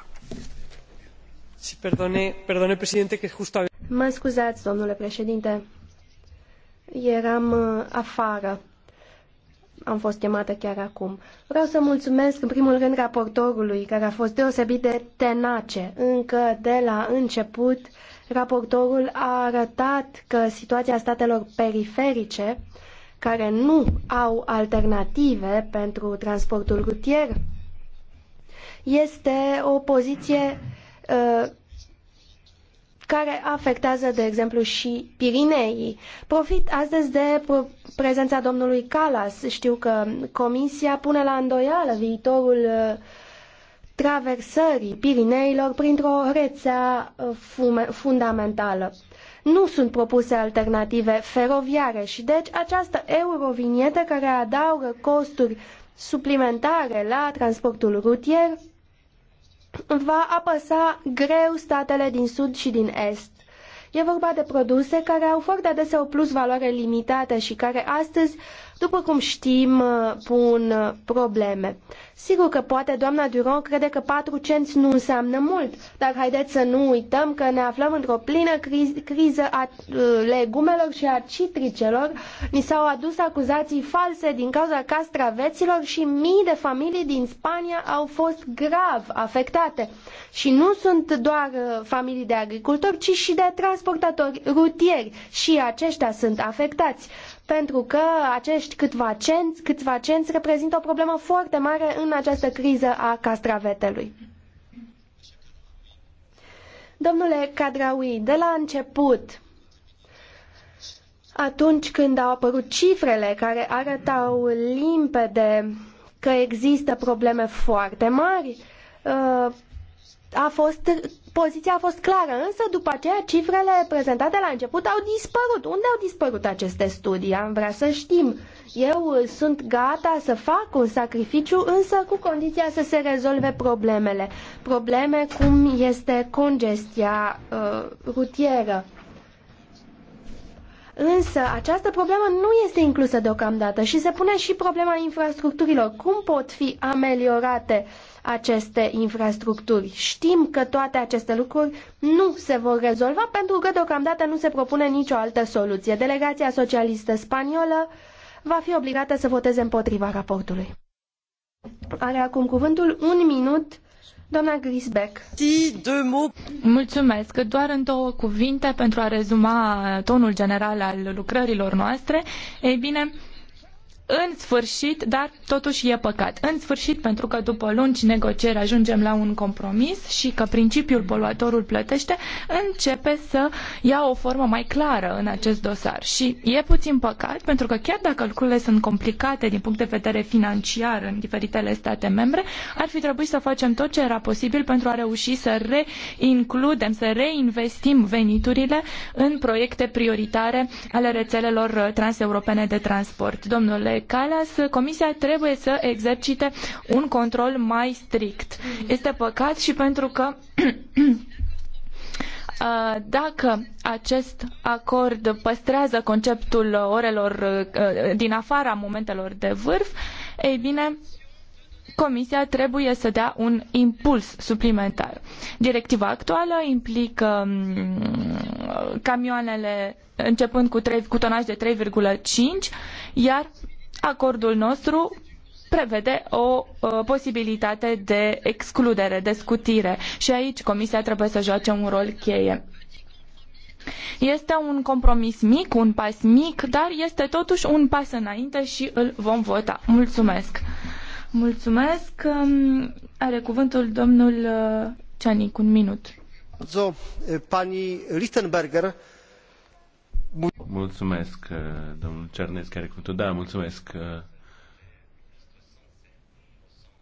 Sí, perdone, perdone, președinte, că justo... Mă scuzați, domnule președinte. Eram uh, afară. Am fost chemată chiar acum. Vreau să mulțumesc în primul rând raportorului, care a fost deosebit de tenace. Încă de la început, raportorul a arătat că situația statelor periferice uh, care nu au alternative pentru transportul rutier este o poziție uh, care afectează, de exemplu, și Pirineii. Profit astăzi de prezența domnului Calas. Știu că Comisia pune la îndoială viitorul uh, traversării Pirineilor printr-o rețea uh, fundamentală. Nu sunt propuse alternative feroviare și deci această eurovinietă care adaugă costuri suplimentare la transportul rutier va apăsa greu statele din sud și din est. E vorba de produse care au foarte adesea o plus valoare limitată și care astăzi după cum știm, uh, pun uh, probleme. Sigur că poate doamna Duron crede că 4 cenți nu înseamnă mult, dar haideți să nu uităm că ne aflăm într-o plină criz- criză a uh, legumelor și a citricelor. Ni s-au adus acuzații false din cauza castraveților și mii de familii din Spania au fost grav afectate. Și nu sunt doar familii de agricultori, ci și de transportatori rutieri și aceștia sunt afectați pentru că acești câțiva cenți, câțiva cenți reprezintă o problemă foarte mare în această criză a castravetelui. Domnule Cadraui, de la început, atunci când au apărut cifrele care arătau limpede că există probleme foarte mari, uh, a fost, poziția a fost clară, însă după aceea cifrele prezentate la început au dispărut. Unde au dispărut aceste studii? Am vrea să știm. Eu uh, sunt gata să fac un sacrificiu, însă cu condiția să se rezolve problemele. Probleme cum este congestia uh, rutieră Însă, această problemă nu este inclusă deocamdată și se pune și problema infrastructurilor. Cum pot fi ameliorate aceste infrastructuri? Știm că toate aceste lucruri nu se vor rezolva pentru că deocamdată nu se propune nicio altă soluție. Delegația socialistă spaniolă va fi obligată să voteze împotriva raportului. Are acum cuvântul un minut Doamna Grisbeck. Mulțumesc. Doar în două cuvinte pentru a rezuma tonul general al lucrărilor noastre. Ei bine, în sfârșit, dar totuși e păcat. În sfârșit, pentru că după lungi negocieri ajungem la un compromis și că principiul poluatorul plătește începe să ia o formă mai clară în acest dosar. Și e puțin păcat, pentru că chiar dacă lucrurile sunt complicate din punct de vedere financiar în diferitele state membre, ar fi trebuit să facem tot ce era posibil pentru a reuși să reincludem, să reinvestim veniturile în proiecte prioritare ale rețelelor transeuropene de transport. Domnule Calas, Comisia trebuie să exercite un control mai strict. Este păcat și pentru că uh, dacă acest acord păstrează conceptul orelor uh, din afara momentelor de vârf, ei bine, Comisia trebuie să dea un impuls suplimentar. Directiva actuală implică mm, camioanele începând cu, 3, cu tonaj de 3,5, iar acordul nostru prevede o uh, posibilitate de excludere, de scutire și aici Comisia trebuie să joace un rol cheie. Este un compromis mic, un pas mic, dar este totuși un pas înainte și îl vom vota. Mulțumesc! Mulțumesc! Um, are cuvântul domnul uh, Cianic, un minut. Pani Lichtenberger Mulțumesc, uh, domnul Cernesc, care cu Da, mulțumesc. Uh,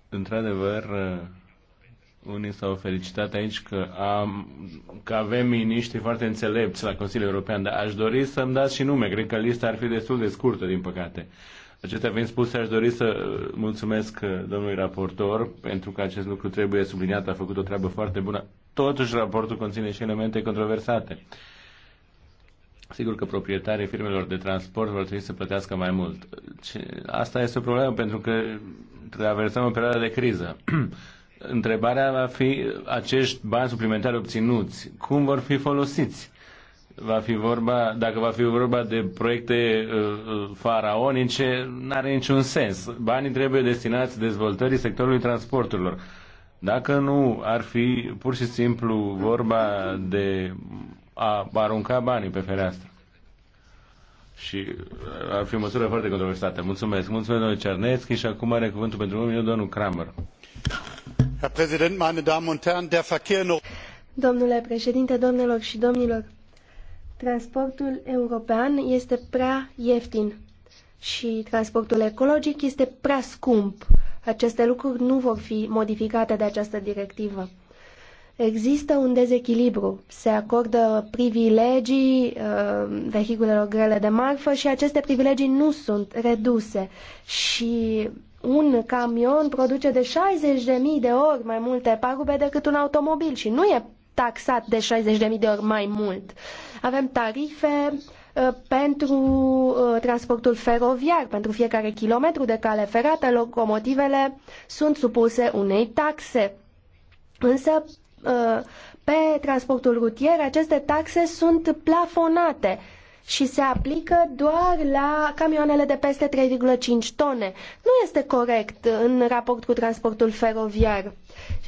într-adevăr, uh, unii s-au felicitat aici că, am, că avem miniștri foarte înțelepți la Consiliul European, dar aș dori să-mi dați și nume. Cred că lista ar fi destul de scurtă, din păcate. Acestea fiind spuse, aș dori să mulțumesc domnului raportor pentru că acest lucru trebuie subliniat, a făcut o treabă foarte bună. Totuși, raportul conține și elemente controversate. Uh, Sigur că proprietarii firmelor de transport vor trebui să plătească mai mult. Asta este o problemă pentru că traversăm o perioadă de criză. Întrebarea va fi acești bani suplimentari obținuți, cum vor fi folosiți? Va fi vorba, dacă va fi vorba de proiecte uh, uh faraonice, n-are niciun sens. Banii trebuie destinați dezvoltării sectorului transporturilor. Dacă nu, ar fi pur și simplu vorba de a arunca banii pe fereastră. Și uh, ar fi o măsură foarte controversată. Mulțumesc. Mulțumesc, domnule Cernețchi, și acum are cuvântul pentru un domnul Kramer. Herr Präsident, meine Damen und Herren, der Verkehr in Domnule președinte, domnilor și domnilor, transportul european este prea ieftin și transportul ecologic este prea scump. Aceste lucruri nu vor fi modificate de această directivă. Există un dezechilibru. Se acordă privilegii uh, vehiculelor grele de marfă și aceste privilegii nu sunt reduse. Și un camion produce de 60.000 de ori mai multe pagube decât un automobil și nu e taxat de 60.000 de ori mai mult. Avem tarife uh, pentru uh, transportul feroviar, pentru fiecare kilometru de cale ferată, locomotivele sunt supuse unei taxe. Însă Uh, pe transportul rutier, aceste taxe sunt plafonate și se aplică doar la camioanele de peste 3,5 tone. Nu este corect în raport cu transportul feroviar.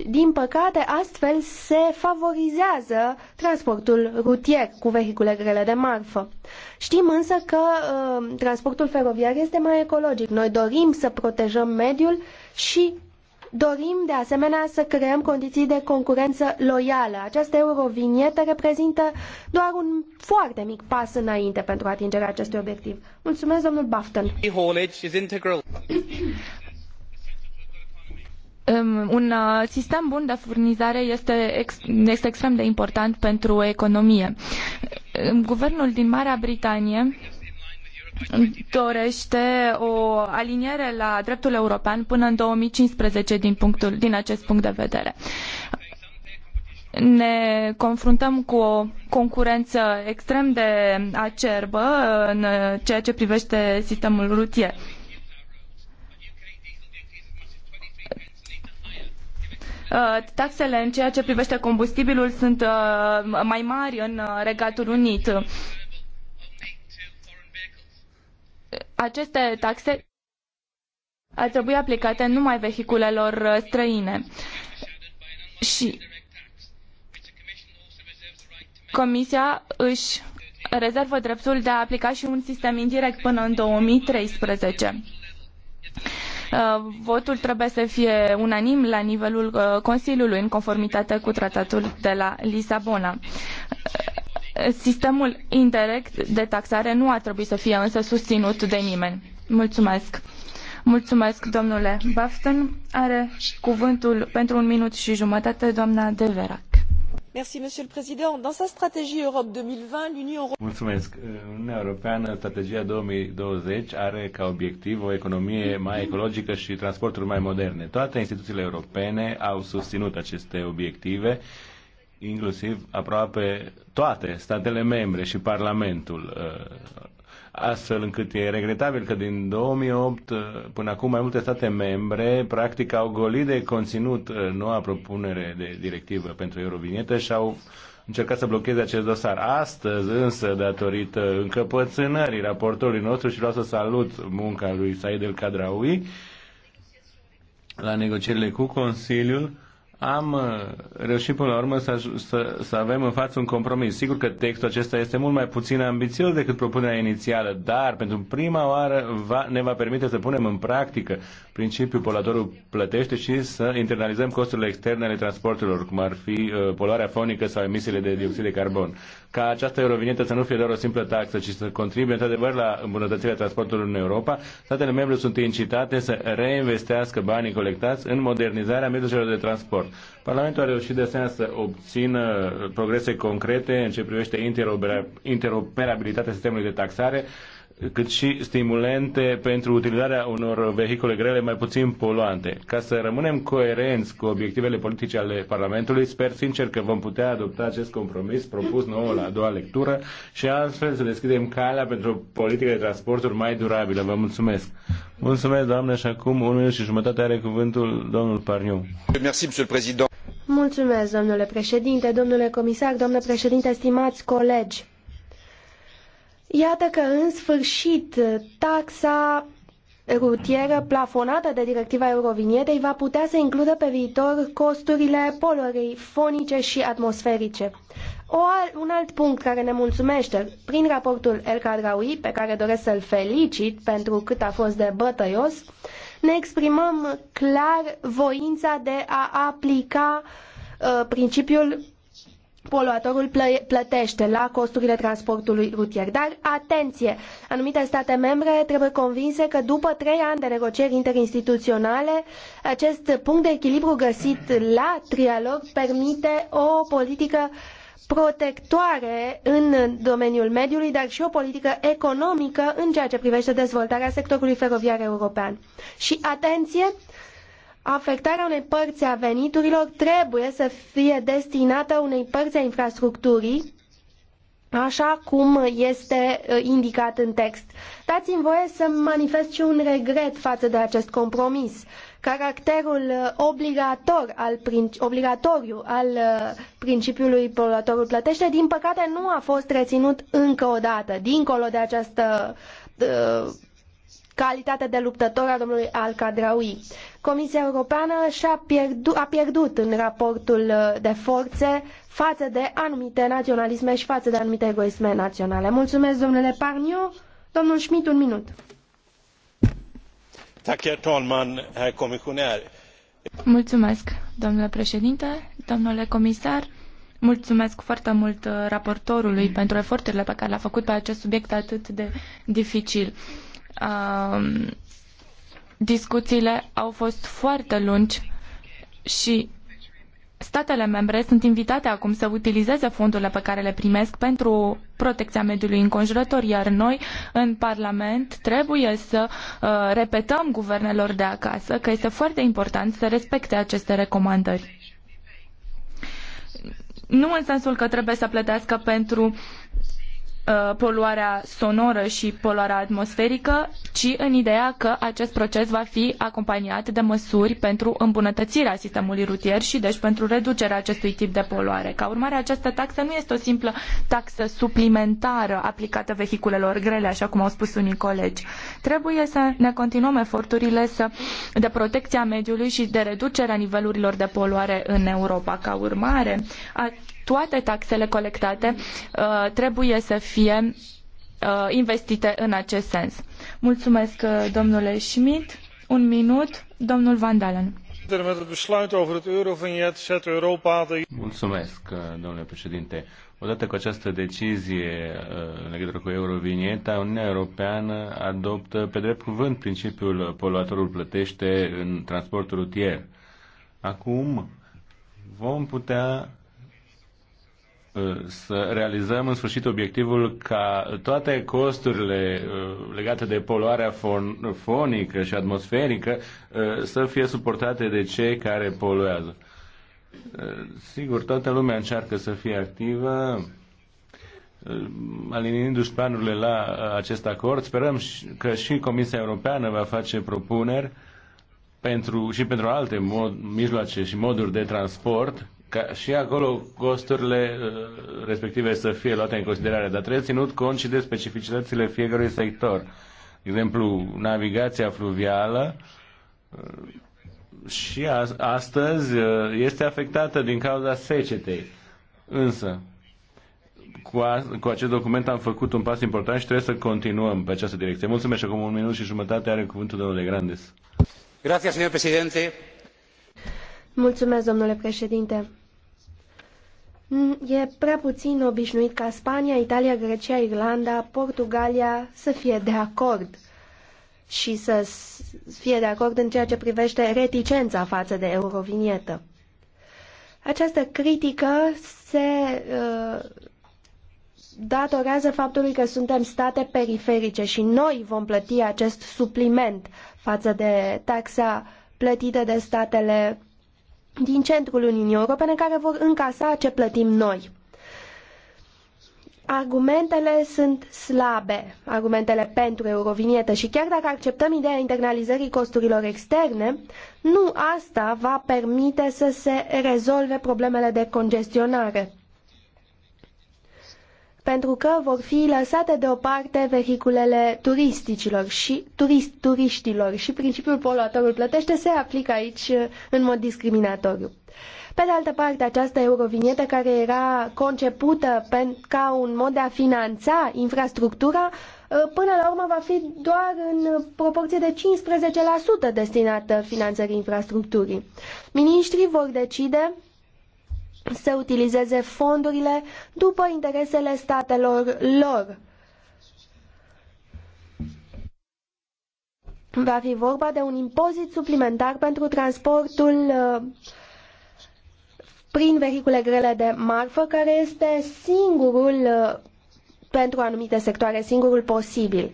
Din păcate, astfel se favorizează transportul rutier cu vehicule grele de marfă. Știm însă că uh, transportul feroviar este mai ecologic. Noi dorim să protejăm mediul și Dorim, de asemenea, să creăm condiții de concurență loială. Această eurovinietă reprezintă doar un foarte mic pas înainte pentru atingerea acestui obiectiv. Mulțumesc, domnul Bafton. un uh, sistem bun de furnizare este, este extrem de important pentru economie. Guvernul din Marea Britanie dorește o aliniere la dreptul european până în 2015 din, punctul, din acest punct de vedere. Ne confruntăm cu o concurență extrem de acerbă în ceea ce privește sistemul rutier. Uh, taxele în ceea ce privește combustibilul sunt uh, mai mari în uh, Regatul Unit. aceste taxe ar trebui aplicate numai vehiculelor uh, străine. Și Comisia își rezervă dreptul de a aplica și un sistem indirect până în 2013. Uh, votul trebuie să fie unanim la nivelul uh, Consiliului, în conformitate cu tratatul de la Lisabona. Sistemul indirect de taxare nu ar trebui să fie însă susținut de nimeni. Mulțumesc. Mulțumesc, domnule Bafton. Are cuvântul pentru un minut și jumătate doamna Deverac. Monsieur le Président. Dans sa stratégie Europe 2020, l'Union Europeană... Mulțumesc. Uniunea Europeană, strategia 2020, are ca obiectiv o economie mai ecologică și transporturi mai moderne. Toate instituțiile europene au susținut aceste obiective inclusiv aproape toate statele membre și Parlamentul uh, astfel încât e regretabil că din 2008 uh, până acum mai multe state membre practic au golit de conținut uh, noua propunere de directivă pentru Eurovinietă și au încercat să blocheze acest dosar. Astăzi însă, datorită încăpățânării raportorului nostru și vreau să salut munca lui Said El Kadraoui la negocierile cu Consiliul, am uh, reușit până la urmă să, să, să avem în față un compromis. Sigur că textul acesta este mult mai puțin ambițios decât propunerea inițială, dar pentru prima oară va, ne va permite să punem în practică principiul poluatorul plătește și să internalizăm costurile externe ale transporturilor, cum ar fi uh, poluarea fonică sau emisiile de dioxid de carbon ca această eurovinietă să nu fie doar o simplă taxă, ci să contribuie într-adevăr la îmbunătățirea transportului în Europa. Statele membre sunt incitate să reinvestească banii colectați în modernizarea mijloacelor de transport. Parlamentul a reușit de asemenea să obțină progrese concrete în ce privește interoperabilitatea sistemului de taxare, cât și stimulente pentru utilizarea unor vehicule grele mai puțin poluante. Ca să rămânem coerenți cu obiectivele politice ale Parlamentului, sper sincer că vom putea adopta acest compromis propus nouă la a doua lectură și astfel să deschidem calea pentru o politică de transporturi mai durabilă. Vă mulțumesc! Mulțumesc, doamne, și acum un minut și jumătate are cuvântul domnul Parniu. Mulțumesc, domnule președinte, domnule comisar, domnule președinte, stimați colegi. Iată că, în sfârșit, taxa rutieră plafonată de directiva Eurovinietei va putea să includă pe viitor costurile poluării fonice și atmosferice. O un alt punct care ne mulțumește, prin raportul El Cadraui, pe care doresc să-l felicit pentru cât a fost de bătăios, ne exprimăm clar voința de a aplica uh, principiul poluatorul plătește la costurile transportului rutier. Dar, atenție! Anumite state membre trebuie convinse că după trei ani de negocieri interinstituționale, acest punct de echilibru găsit la trialog permite o politică protectoare în domeniul mediului, dar și o politică economică în ceea ce privește dezvoltarea sectorului feroviar european. Și atenție, afectarea unei părți a veniturilor trebuie să fie destinată unei părți a infrastructurii, așa cum este ă, indicat în text. Dați-mi voie să manifest și un regret față de acest compromis. Caracterul ă, obligator al, obligatoriu al ă, principiului poluatorul plătește, din păcate, nu a fost reținut încă o dată, dincolo de această uh, calitate de luptător a domnului Al-Qadraoui. Comisia Europeană și-a pierdut, a pierdut în raportul uh, de forțe față de anumite naționalisme și față de anumite egoisme naționale. Mulțumesc, domnule Parnio. Domnul Schmidt, un minut. Mulțumesc, domnule președinte, domnule comisar. Mulțumesc foarte mult uh, raportorului pentru eforturile pe care le-a făcut pe acest subiect atât de dificil. Um, discuțiile au fost foarte lungi și statele membre sunt invitate acum să utilizeze fondurile pe care le primesc pentru protecția mediului înconjurător, iar noi în Parlament trebuie să uh, repetăm guvernelor de acasă că este foarte important să respecte aceste recomandări. Nu în sensul că trebuie să plătească pentru Uh, poluarea sonoră și poluarea atmosferică, ci în ideea că acest proces va fi acompaniat de măsuri pentru îmbunătățirea sistemului rutier și deci pentru reducerea acestui tip de poluare. Ca urmare, această taxă nu este o simplă taxă suplimentară aplicată vehiculelor grele, așa cum au spus unii colegi. Trebuie să ne continuăm eforturile să, de protecția mediului și de reducerea nivelurilor de poluare în Europa. Ca urmare, a toate taxele colectate uh, trebuie să fie uh, investite în acest sens. Mulțumesc, uh, domnule Schmidt. Un minut, domnul Van Dalen. Mulțumesc, domnule președinte. Odată cu această decizie în legătură cu Eurovinieta, Uniunea Europeană adoptă pe drept cuvânt principiul poluatorul plătește în transportul rutier. Acum vom putea să realizăm în sfârșit obiectivul ca toate costurile uh, legate de poluarea fonică și atmosferică uh, să fie suportate de cei care poluează. Uh, sigur, toată lumea încearcă să fie activă, alinindu-și planurile la acest acord. Sperăm că și Comisia Europeană va face propuneri pentru, și pentru alte mod, mijloace și moduri de transport ca și acolo costurile uh, respective să fie luate în considerare, dar trebuie ținut cont și de specificitățile fiecărui sector. De exemplu, navigația fluvială uh, și astăzi uh, este afectată din cauza secetei. Însă, cu, a, cu acest document am făcut un pas important și trebuie să continuăm pe această direcție. Mulțumesc și acum un minut și jumătate are cuvântul domnul Grandes. Gracias, señor presidente. Mulțumesc, domnule președinte. Mm, e prea puțin obișnuit ca Spania, Italia, Grecia, Irlanda, Portugalia să fie de acord și să fie de acord în ceea ce privește reticența față de eurovinietă. Această critică se uh, datorează faptului că suntem state periferice și noi vom plăti acest supliment față de taxa plătită de statele din centrul Uniunii Europene care vor încasa ce plătim noi. Argumentele sunt slabe, argumentele pentru eurovinietă și chiar dacă acceptăm ideea internalizării costurilor externe, nu asta va permite să se rezolve problemele de congestionare pentru că vor fi lăsate deoparte vehiculele turisticilor și turist, turiștilor și principiul poluatorul plătește se aplică aici uh, în mod discriminatoriu. Pe de altă parte, această eurovinietă care era concepută ca un mod de a finanța infrastructura, uh, până la urmă va fi doar în proporție de 15% destinată finanțării infrastructurii. Ministrii vor decide să utilizeze fondurile după interesele statelor lor. Va fi vorba de un impozit suplimentar pentru transportul uh, prin vehicule grele de marfă, care este singurul, uh, pentru anumite sectoare, singurul posibil.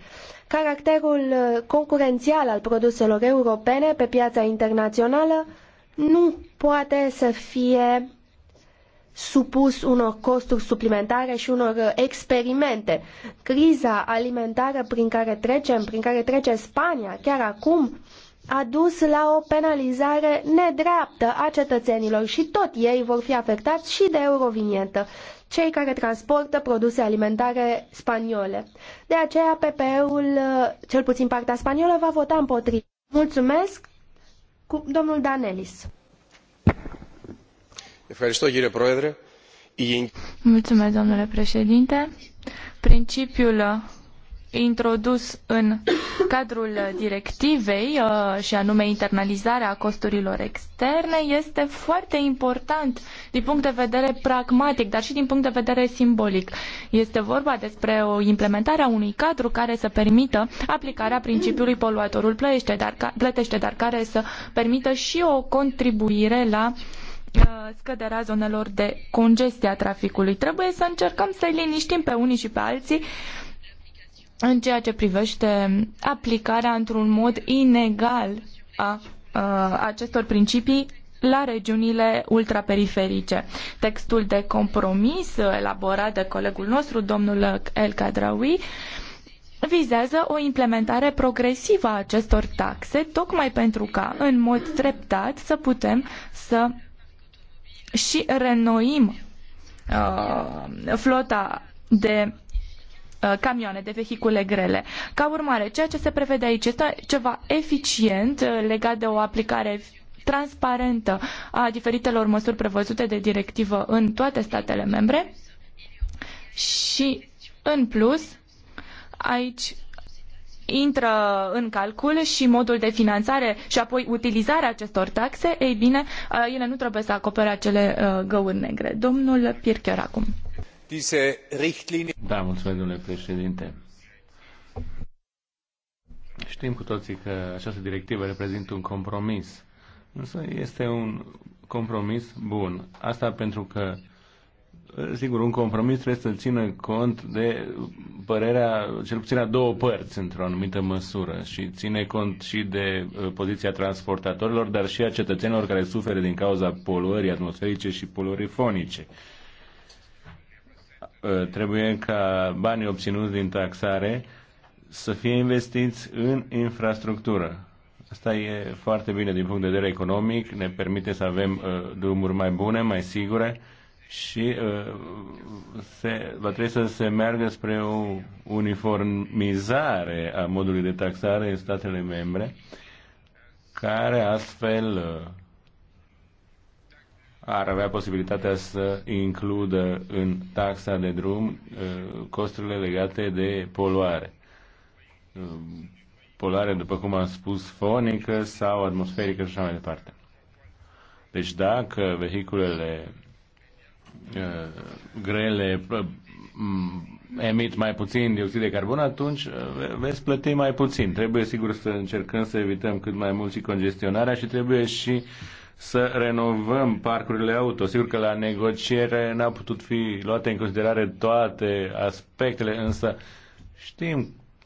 Caracterul uh, concurențial al produselor europene pe piața internațională nu poate să fie supus unor costuri suplimentare și unor uh, experimente. Criza alimentară prin care trecem, prin care trece Spania chiar acum, a dus la o penalizare nedreaptă a cetățenilor și tot ei vor fi afectați și de eurovinietă, cei care transportă produse alimentare spaniole. De aceea PPE-ul, uh, cel puțin partea spaniolă, va vota împotriva. Mulțumesc, cu domnul Danelis domnule Principiul uh, introdus în cadrul uh, directivei uh, și anume internalizarea costurilor externe este foarte important din punct de vedere pragmatic, dar și din punct de vedere simbolic. Este vorba despre o implementare a unui cadru care să permită aplicarea principiului poluatorul plătește, dar, plătește, dar care să permită și o contribuire la uh, Uh, scăderea zonelor de congestie a traficului. Trebuie să încercăm să-i liniștim pe unii și pe alții în ceea ce privește aplicarea într-un mod inegal a, a uh, acestor principii la regiunile ultraperiferice. Textul de compromis elaborat de colegul nostru, domnul El Kadraoui, vizează o implementare progresivă a acestor taxe, tocmai pentru ca, în mod treptat, să putem să și renoim uh, flota de uh, camioane, de vehicule grele. Ca urmare, ceea ce se prevede aici este ceva eficient uh, legat de o aplicare transparentă a diferitelor măsuri prevăzute de directivă în toate statele membre și, în plus, aici intră în calcul și modul de finanțare și apoi utilizarea acestor taxe, ei bine, uh, ele nu trebuie să acopere acele uh, găuri negre. Domnul Pircher acum. Da, mulțumesc, domnule președinte. Știm cu toții că această directivă reprezintă un compromis, însă este un compromis bun. Asta pentru că sigur, un compromis trebuie să țină cont de părerea, cel puțin a două părți, într-o anumită măsură și ține cont și de uh, poziția transportatorilor, dar și a cetățenilor care suferă din cauza poluării atmosferice și poluării fonice. Uh, trebuie ca banii obținuți din taxare să fie investiți în infrastructură. Asta e foarte bine din punct de vedere economic, ne permite să avem uh, drumuri mai bune, mai sigure și uh, se, va trebui să se meargă spre o uniformizare a modului de taxare în statele membre, care astfel uh, ar avea posibilitatea să includă în taxa de drum uh, costurile legate de poluare. Poluare, după cum am spus, fonică sau atmosferică și așa mai departe. Deci dacă vehiculele Uh, grele uh, mm, emit mai puțin dioxid de carbon, atunci uh, veți plăti mai puțin. Trebuie sigur să încercăm să evităm cât mai mult și congestionarea și trebuie și să renovăm parcurile auto. Sigur că la negociere n-au putut fi luate în considerare toate aspectele, însă știm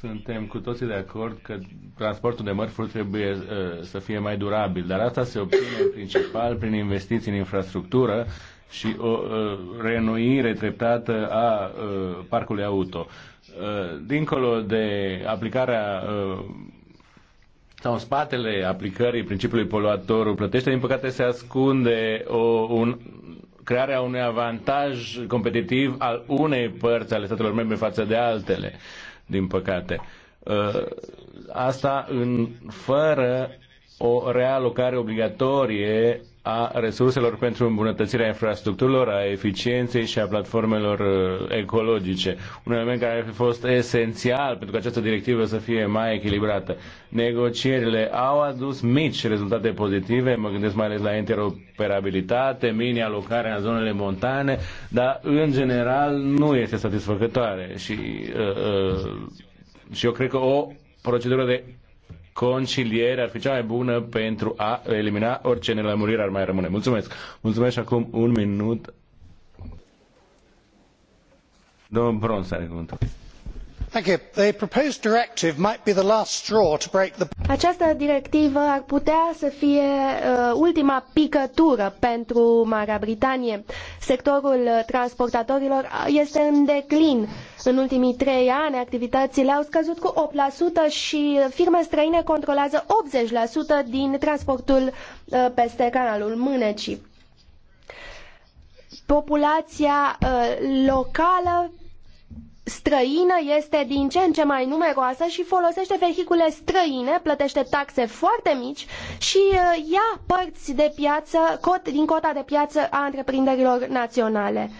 Suntem cu toții de acord că transportul de mărfuri trebuie uh, să fie mai durabil, dar asta se obține în principal prin investiții în infrastructură și o uh, renuire treptată a uh, parcului auto. Uh, dincolo de aplicarea uh, sau în spatele aplicării principiului poluatorul plătește, din păcate se ascunde o, un, crearea unui avantaj competitiv al unei părți ale statelor membre față de altele. Uh, din păcate. Uh, asta în, fără o realocare obligatorie a resurselor pentru îmbunătățirea infrastructurilor, a eficienței și a platformelor uh, ecologice. Un element care ar fi fost esențial pentru că această directivă să fie mai echilibrată. Negocierile au adus mici rezultate pozitive, mă gândesc mai ales la interoperabilitate, mini-alocarea în zonele montane, dar în general nu este satisfăcătoare și, uh, uh, și eu cred că o procedură de conciliere ar fi cea mai bună pentru a elimina orice nelămurire ar mai rămâne. Mulțumesc! Mulțumesc și acum un minut. Domnul Brons are cuvântul această directivă ar putea să fie uh, ultima picătură pentru marea britanie sectorul transportatorilor este în declin în ultimii trei ani activitățile au scăzut cu opt și firme străine controlează 80% din transportul uh, peste canalul mânecii populația uh, locală străină este din ce în ce mai numeroasă și folosește vehicule străine, plătește taxe foarte mici și uh, ia părți de piață, cot, din cota de piață a întreprinderilor naționale.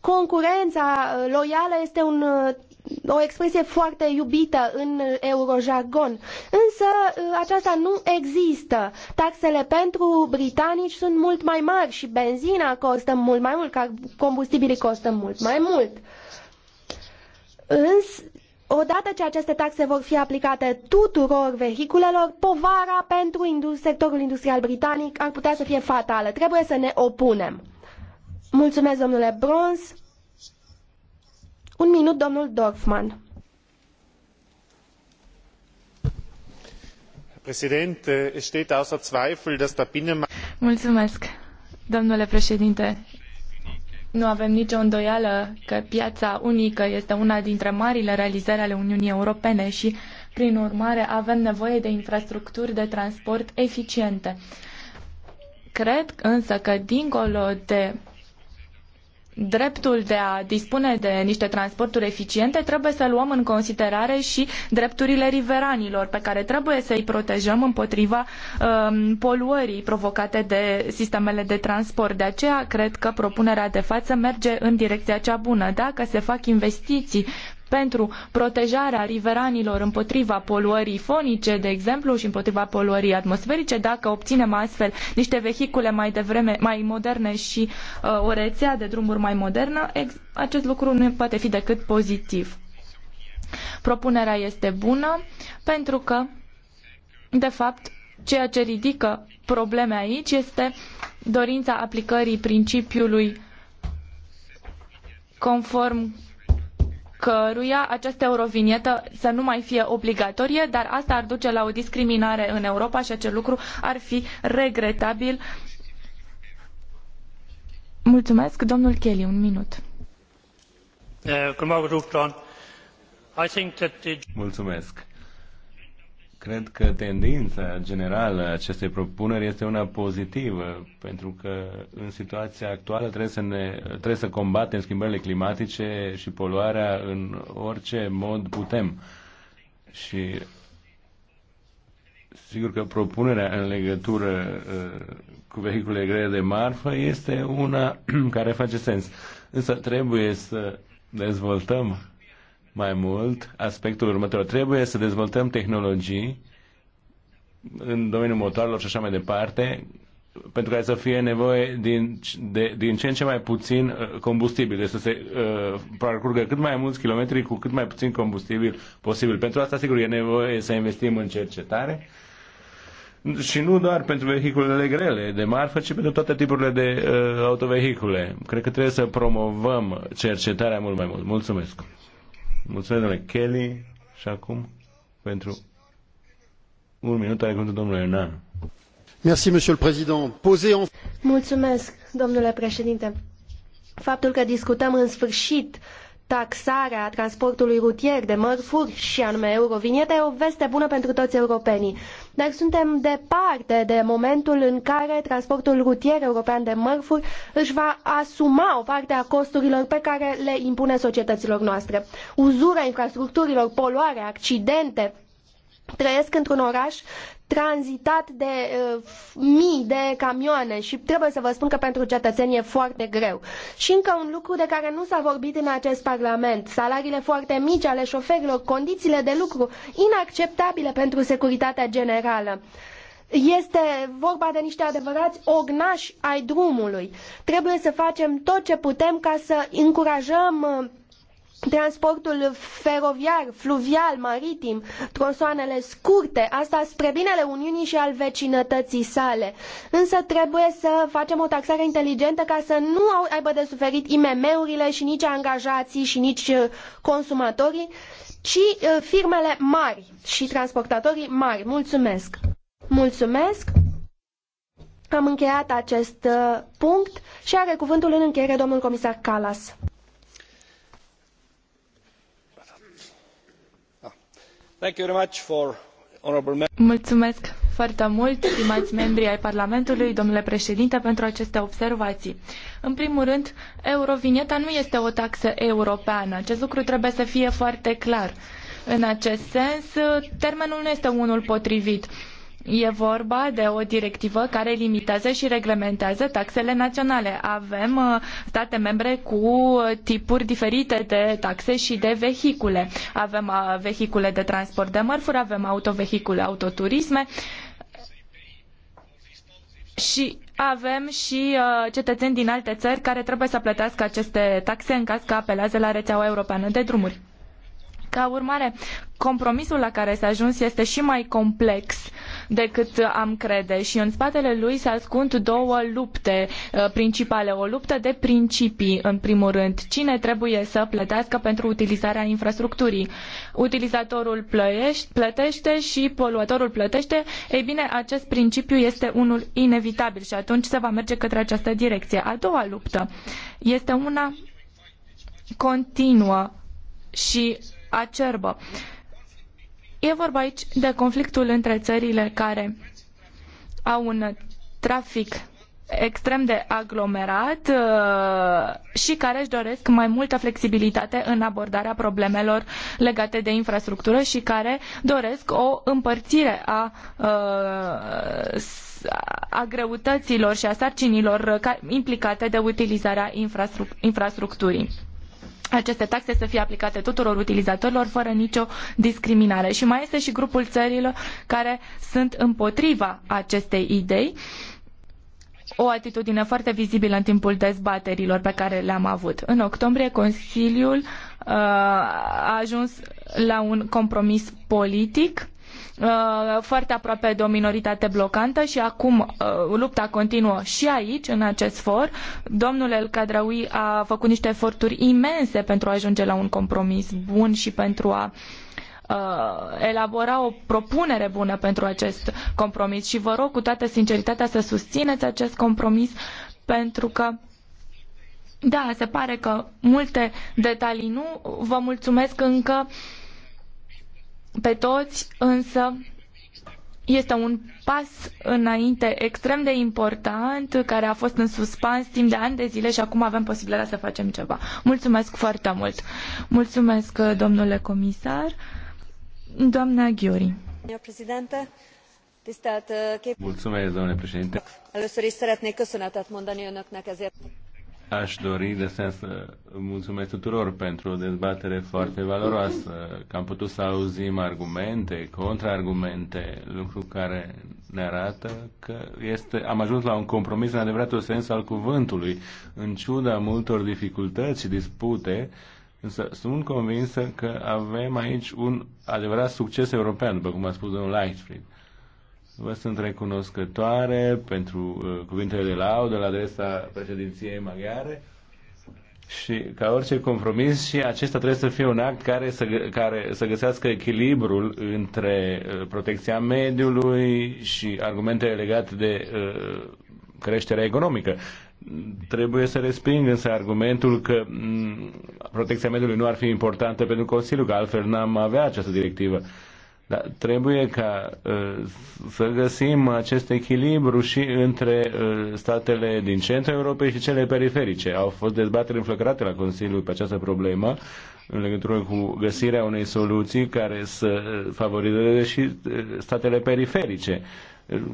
Concurența uh, loială este un uh, o expresie foarte iubită în eurojargon. Însă aceasta nu există. Taxele pentru britanici sunt mult mai mari și benzina costă mult mai mult, combustibilii costă mult mai mult. Însă, odată ce aceste taxe vor fi aplicate tuturor vehiculelor, povara pentru sectorul industrial britanic ar putea să fie fatală. Trebuie să ne opunem. Mulțumesc, domnule Brons. Un minut, domnul Dorfman. Mulțumesc, domnule președinte nu avem nicio îndoială că piața unică este una dintre marile realizări ale Uniunii Europene și, prin urmare, avem nevoie de infrastructuri de transport eficiente. Cred însă că, dincolo de dreptul de a dispune de niște transporturi eficiente, trebuie să luăm în considerare și drepturile riveranilor, pe care trebuie să îi protejăm împotriva um, poluării provocate de sistemele de transport. De aceea, cred că propunerea de față merge în direcția cea bună. Dacă se fac investiții pentru protejarea riveranilor împotriva poluării fonice, de exemplu, și împotriva poluării atmosferice, dacă obținem astfel niște vehicule mai devreme, mai moderne și uh, o rețea de drumuri mai modernă, acest lucru nu poate fi decât pozitiv. Propunerea este bună pentru că, de fapt, ceea ce ridică probleme aici este dorința aplicării principiului conform căruia această eurovinietă să nu mai fie obligatorie, dar asta ar duce la o discriminare în Europa și acest lucru ar fi regretabil. Mulțumesc, domnul Kelly, un minut. Eh, Mulțumesc. Cred că tendința generală a acestei propuneri este una pozitivă, pentru că în situația actuală trebuie să, ne, trebuie să combatem schimbările climatice și poluarea în orice mod putem. Și sigur că propunerea în legătură uh, cu vehiculele grele de marfă este una care face sens. Însă trebuie să dezvoltăm mai mult aspectul următor. Trebuie să dezvoltăm tehnologii în domeniul motoarelor și așa mai departe, pentru care să fie nevoie din, de, din ce în ce mai puțin uh, combustibil, deci să se uh, parcurgă cât mai mulți kilometri cu cât mai puțin combustibil posibil. Pentru asta, sigur, e nevoie să investim în cercetare și nu doar pentru vehiculele grele de marfă, ci pentru toate tipurile de uh, autovehicule. Cred că trebuie să promovăm cercetarea mult mai mult. Mulțumesc! Mulțumesc, domnule Kelly. Și acum, pentru un minut, are cuvântul domnul Hernan. Merci, monsieur le président. Posez en... Mulțumesc, domnule președinte. Faptul că discutăm în sfârșit taxarea transportului rutier de mărfuri și anume Eurovinieta e o veste bună pentru toți europenii. Dar suntem departe de momentul în care transportul rutier european de mărfuri își va asuma o parte a costurilor pe care le impune societăților noastre. Uzura infrastructurilor, poluare, accidente, trăiesc într-un oraș tranzitat de uh, mii de camioane și trebuie să vă spun că pentru cetățeni e foarte greu. Și încă un lucru de care nu s-a vorbit în acest Parlament, salariile foarte mici ale șoferilor, condițiile de lucru inacceptabile pentru securitatea generală. Este vorba de niște adevărați ognași ai drumului. Trebuie să facem tot ce putem ca să încurajăm uh, transportul feroviar, fluvial, maritim, tronsoanele scurte, asta spre binele Uniunii și al vecinătății sale. Însă trebuie să facem o taxare inteligentă ca să nu aibă de suferit IMM-urile și nici angajații și nici uh, consumatorii, ci uh, firmele mari și transportatorii mari. Mulțumesc! Mulțumesc! Am încheiat acest uh, punct și are cuvântul în încheiere domnul comisar Kallas. Mulțumesc foarte mult, stimați membri ai Parlamentului, domnule președinte, pentru aceste observații. În primul rând, Eurovinieta nu este o taxă europeană. Acest lucru trebuie să fie foarte clar. În acest sens, termenul nu este unul potrivit. E vorba de o directivă care limitează și reglementează taxele naționale. Avem uh, state membre cu tipuri diferite de taxe și de vehicule. Avem uh, vehicule de transport de mărfuri, avem autovehicule, autoturisme și avem și uh, cetățeni din alte țări care trebuie să plătească aceste taxe în caz că apelează la rețeaua europeană de drumuri. Ca urmare, compromisul la care s-a ajuns este și mai complex decât am crede și în spatele lui se ascund două lupte uh, principale. O luptă de principii, în primul rând. Cine trebuie să plătească pentru utilizarea infrastructurii? Utilizatorul plătește și poluatorul plătește. Ei bine, acest principiu este unul inevitabil și atunci se va merge către această direcție. A doua luptă este una continuă și acerbă. E vorba aici de conflictul între țările care au un trafic extrem de aglomerat uh, și care își doresc mai multă flexibilitate în abordarea problemelor legate de infrastructură și care doresc o împărțire a, uh, a greutăților și a sarcinilor uh, implicate de utilizarea infrastructurii aceste taxe să fie aplicate tuturor utilizatorilor fără nicio discriminare. Și mai este și grupul țărilor care sunt împotriva acestei idei. O atitudine foarte vizibilă în timpul dezbaterilor pe care le-am avut. În octombrie, Consiliul uh, a ajuns la un compromis politic Uh, foarte aproape de o minoritate blocantă și acum uh, lupta continuă și aici, în acest for. Domnul El Cadraui a făcut niște eforturi imense pentru a ajunge la un compromis bun și pentru a uh, elabora o propunere bună pentru acest compromis și vă rog cu toată sinceritatea să susțineți acest compromis pentru că da, se pare că multe detalii nu vă mulțumesc încă uh, pe toți, însă este un pas înainte extrem de important care a fost în suspans timp de ani de zile și acum avem posibilitatea să facem ceva. Mulțumesc foarte mult. Mulțumesc, domnule comisar. Doamna Ghiori. Uh, Mulțumesc, domnule președinte. Először is szeretnék köszönetet mondani önöknek ezért. Aș dori de sens să mulțumesc tuturor pentru o dezbatere foarte valoroasă, că am putut să auzim argumente, contraargumente, lucru care ne arată că este, am ajuns la un compromis în adevăratul sens al cuvântului, în ciuda multor dificultăți și dispute, însă sunt convinsă că avem aici un adevărat succes european, după cum a spus domnul Lightfried. Vă sunt recunoscătoare pentru uh, cuvintele de laudă la adresa președinției maghiare și ca orice compromis și acesta trebuie să fie un act care să, care să găsească echilibrul între uh, protecția mediului și argumentele legate de uh, creșterea economică. Trebuie să resping însă argumentul că mm, protecția mediului nu ar fi importantă pentru Consiliu, că altfel n-am avea această directivă. Uh, dar trebuie ca uh, să găsim acest echilibru și între uh, statele din centrul Europei și cele periferice. Au fost dezbateri înflăcărate la Consiliu pe această problemă în legătură cu găsirea unei soluții care să uh, favorizeze și statele periferice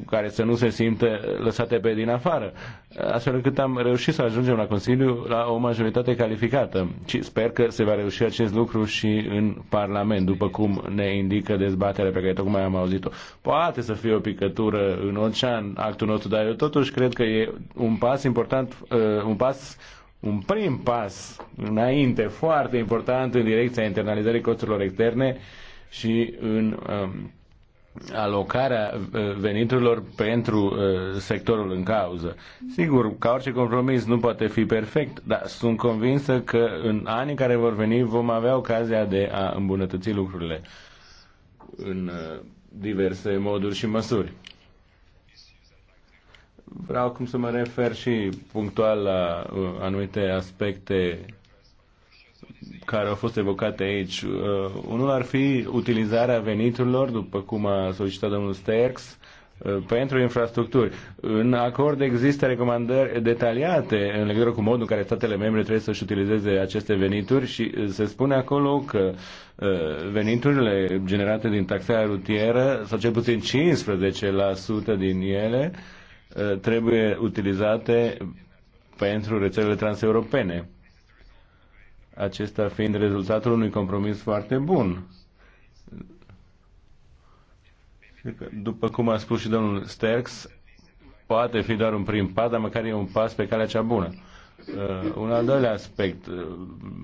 care să nu se simtă lăsate pe din afară, astfel încât am reușit să ajungem la Consiliu la o majoritate calificată și sper că se va reuși acest lucru și în Parlament, după cum ne indică dezbaterea pe care tocmai am auzit-o. Poate să fie o picătură în ocean actul nostru, dar eu totuși cred că e un pas important, uh, un pas un prim pas înainte foarte important în direcția internalizării costurilor externe și în um, alocarea uh, veniturilor pentru uh, sectorul în cauză. Sigur, ca orice compromis nu poate fi perfect, dar sunt convinsă că în anii care vor veni vom avea ocazia de a îmbunătăți lucrurile în uh, diverse moduri și măsuri. Vreau cum să mă refer și punctual la anumite aspecte care au fost evocate aici. Uh, unul ar fi utilizarea veniturilor, după cum a solicitat domnul Sterks, uh, pentru infrastructuri. În acord există recomandări detaliate în legătură cu modul în care statele membre trebuie să-și utilizeze aceste venituri și uh, se spune acolo că uh, veniturile generate din taxarea rutieră, sau cel puțin 15% din ele, uh, trebuie utilizate pentru rețelele transeuropene acesta fiind rezultatul unui compromis foarte bun. După cum a spus și domnul Sterks, poate fi doar un prim pas, dar măcar e un pas pe calea cea bună. Uh, un al doilea aspect, uh,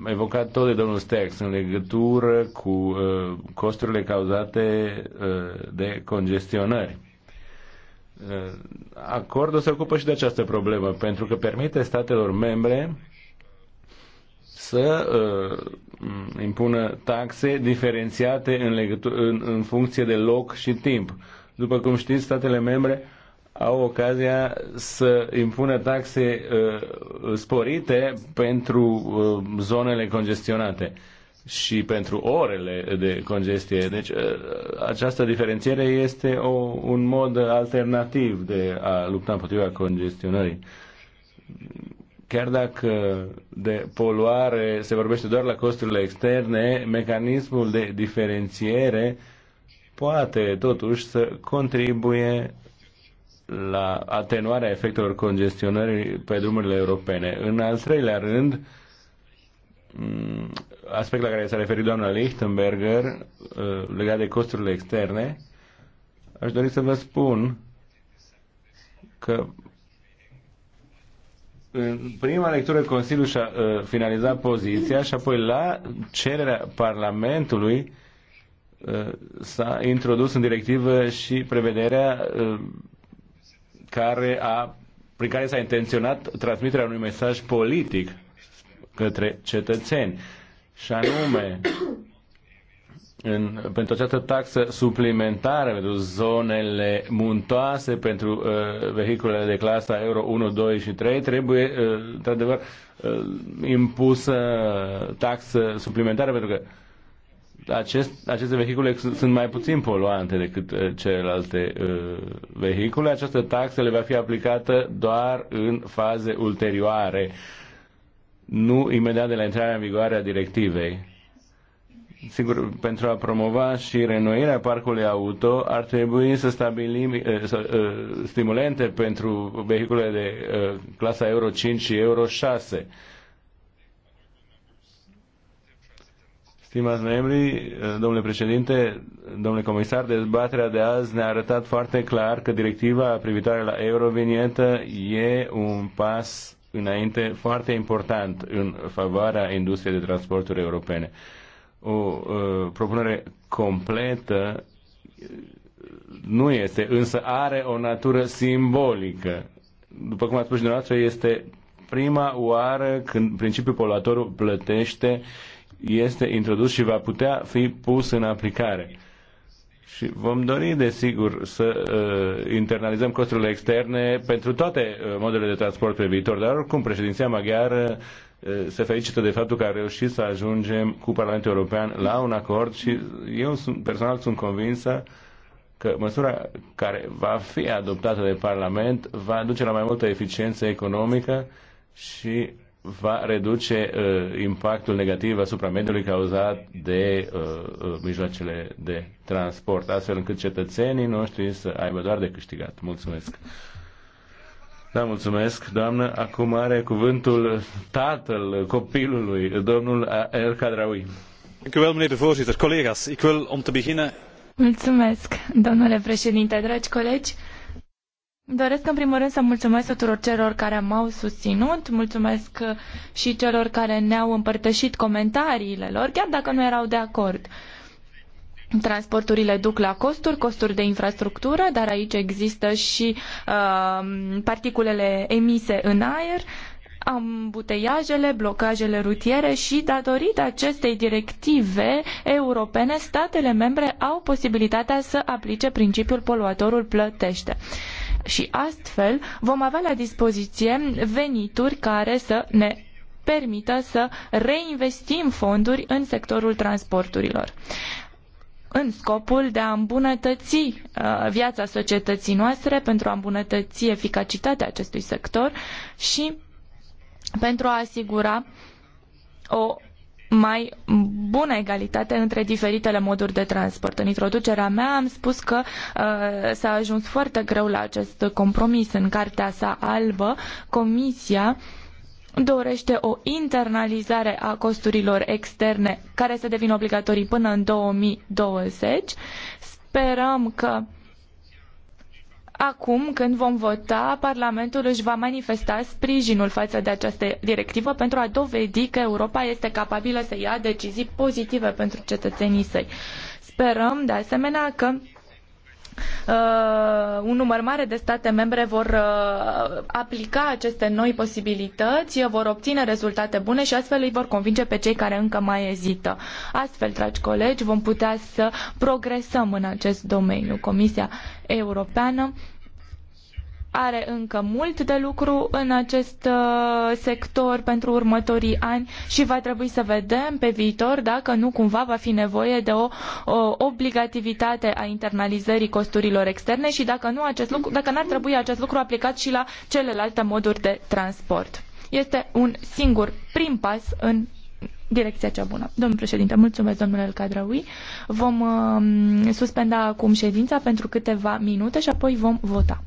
evocat tot de domnul Stex, în legătură cu uh, costurile cauzate uh, de congestionări. Uh, acordul se ocupă și de această problemă, pentru că permite statelor membre să uh, impună taxe diferențiate în, legătu- în, în funcție de loc și timp. După cum știți, statele membre au ocazia să impună taxe uh, sporite pentru uh, zonele congestionate și pentru orele de congestie. Deci uh, această diferențiere este o, un mod alternativ de a lupta împotriva congestionării chiar dacă de poluare se vorbește doar la costurile externe, mecanismul de diferențiere poate totuși să contribuie la atenuarea efectelor congestionării pe drumurile europene. În al treilea rând, mm, aspect la care s-a referit doamna Lichtenberger, uh, legat de costurile externe, aș dori să vă spun că în prima lectură Consiliul și-a uh, finalizat poziția și apoi la cererea Parlamentului uh, s-a introdus în directivă și prevederea uh, care a, prin care s-a intenționat transmiterea unui mesaj politic către cetățeni. Și anume, în, pentru această taxă suplimentară pentru zonele muntoase, pentru uh, vehiculele de clasa Euro 1, 2 și 3, trebuie, uh, într-adevăr, uh, impusă taxă suplimentară, pentru că acest, aceste vehicule sunt mai puțin poluante decât uh, celelalte uh, vehicule. Această taxă le va fi aplicată doar în faze ulterioare, nu imediat de la intrarea în vigoare a directivei Sigur, pentru a promova și renoirea parcului auto, ar trebui să stabilim eh, să, eh, stimulente pentru vehicule de eh, clasa Euro 5 și Euro 6. Stimați membri, domnule președinte, domnule comisar, dezbaterea de azi ne-a arătat foarte clar că directiva privitoare la eurovinietă e un pas înainte foarte important în favoarea industriei de transporturi europene o uh, propunere completă nu este, însă are o natură simbolică. După cum a spus și dumneavoastră, este prima oară când principiul poluatorul plătește, este introdus și va putea fi pus în aplicare. Și vom dori, desigur, să uh, internalizăm costurile externe pentru toate uh, modurile de transport pe viitor, dar oricum președinția maghiară uh, se felicită de faptul că a reușit să ajungem cu Parlamentul European la un acord și eu sunt, personal sunt convinsă că măsura care va fi adoptată de Parlament va duce la mai multă eficiență economică și va reduce uh, impactul negativ asupra mediului cauzat de uh, mijloacele de transport, astfel încât cetățenii noștri să aibă doar de câștigat. Mulțumesc! Da, mulțumesc, doamnă. Acum are cuvântul tatăl copilului, domnul El Kadraoui. Mulțumesc, domnule președinte, dragi colegi. Doresc în primul rând să mulțumesc tuturor celor care m-au susținut, mulțumesc și celor care ne-au împărtășit comentariile lor, chiar dacă nu erau de acord. Uh, Transporturile duc la costuri, costuri de infrastructură, dar aici există și uh, particulele emise în aer, ambuteiajele, blocajele rutiere și datorită acestei directive europene, statele membre au posibilitatea să aplice principiul poluatorul plătește. Și astfel vom avea la dispoziție venituri care să ne permită să reinvestim fonduri în sectorul transporturilor în scopul de a îmbunătăți uh, viața societății noastre, pentru a îmbunătăți eficacitatea acestui sector și pentru a asigura o mai bună egalitate între diferitele moduri de transport. În introducerea mea am spus că uh, s-a ajuns foarte greu la acest compromis. În cartea sa albă, Comisia uh, dorește o internalizare a costurilor externe care să devină obligatorii până în 2020. Sperăm că acum când vom vota, Parlamentul își va manifesta sprijinul față de această directivă pentru a dovedi că Europa este capabilă să ia decizii pozitive pentru cetățenii săi. Sperăm, de asemenea, că Uh, un număr mare de state membre vor uh, aplica aceste noi posibilități, vor obține rezultate bune și astfel îi vor convinge pe cei care încă mai ezită. Astfel, dragi colegi, vom putea să progresăm în acest domeniu. Comisia Europeană are încă mult de lucru în acest uh, sector pentru următorii ani și va trebui să vedem pe viitor dacă nu cumva va fi nevoie de o, o obligativitate a internalizării costurilor externe și dacă nu acest lucru, dacă n-ar trebui acest lucru aplicat și la celelalte moduri de transport. Este un singur prim pas în direcția cea bună. Domnul președinte, mulțumesc domnule El Cadraui. Vom uh, suspenda acum ședința pentru câteva minute și apoi vom vota.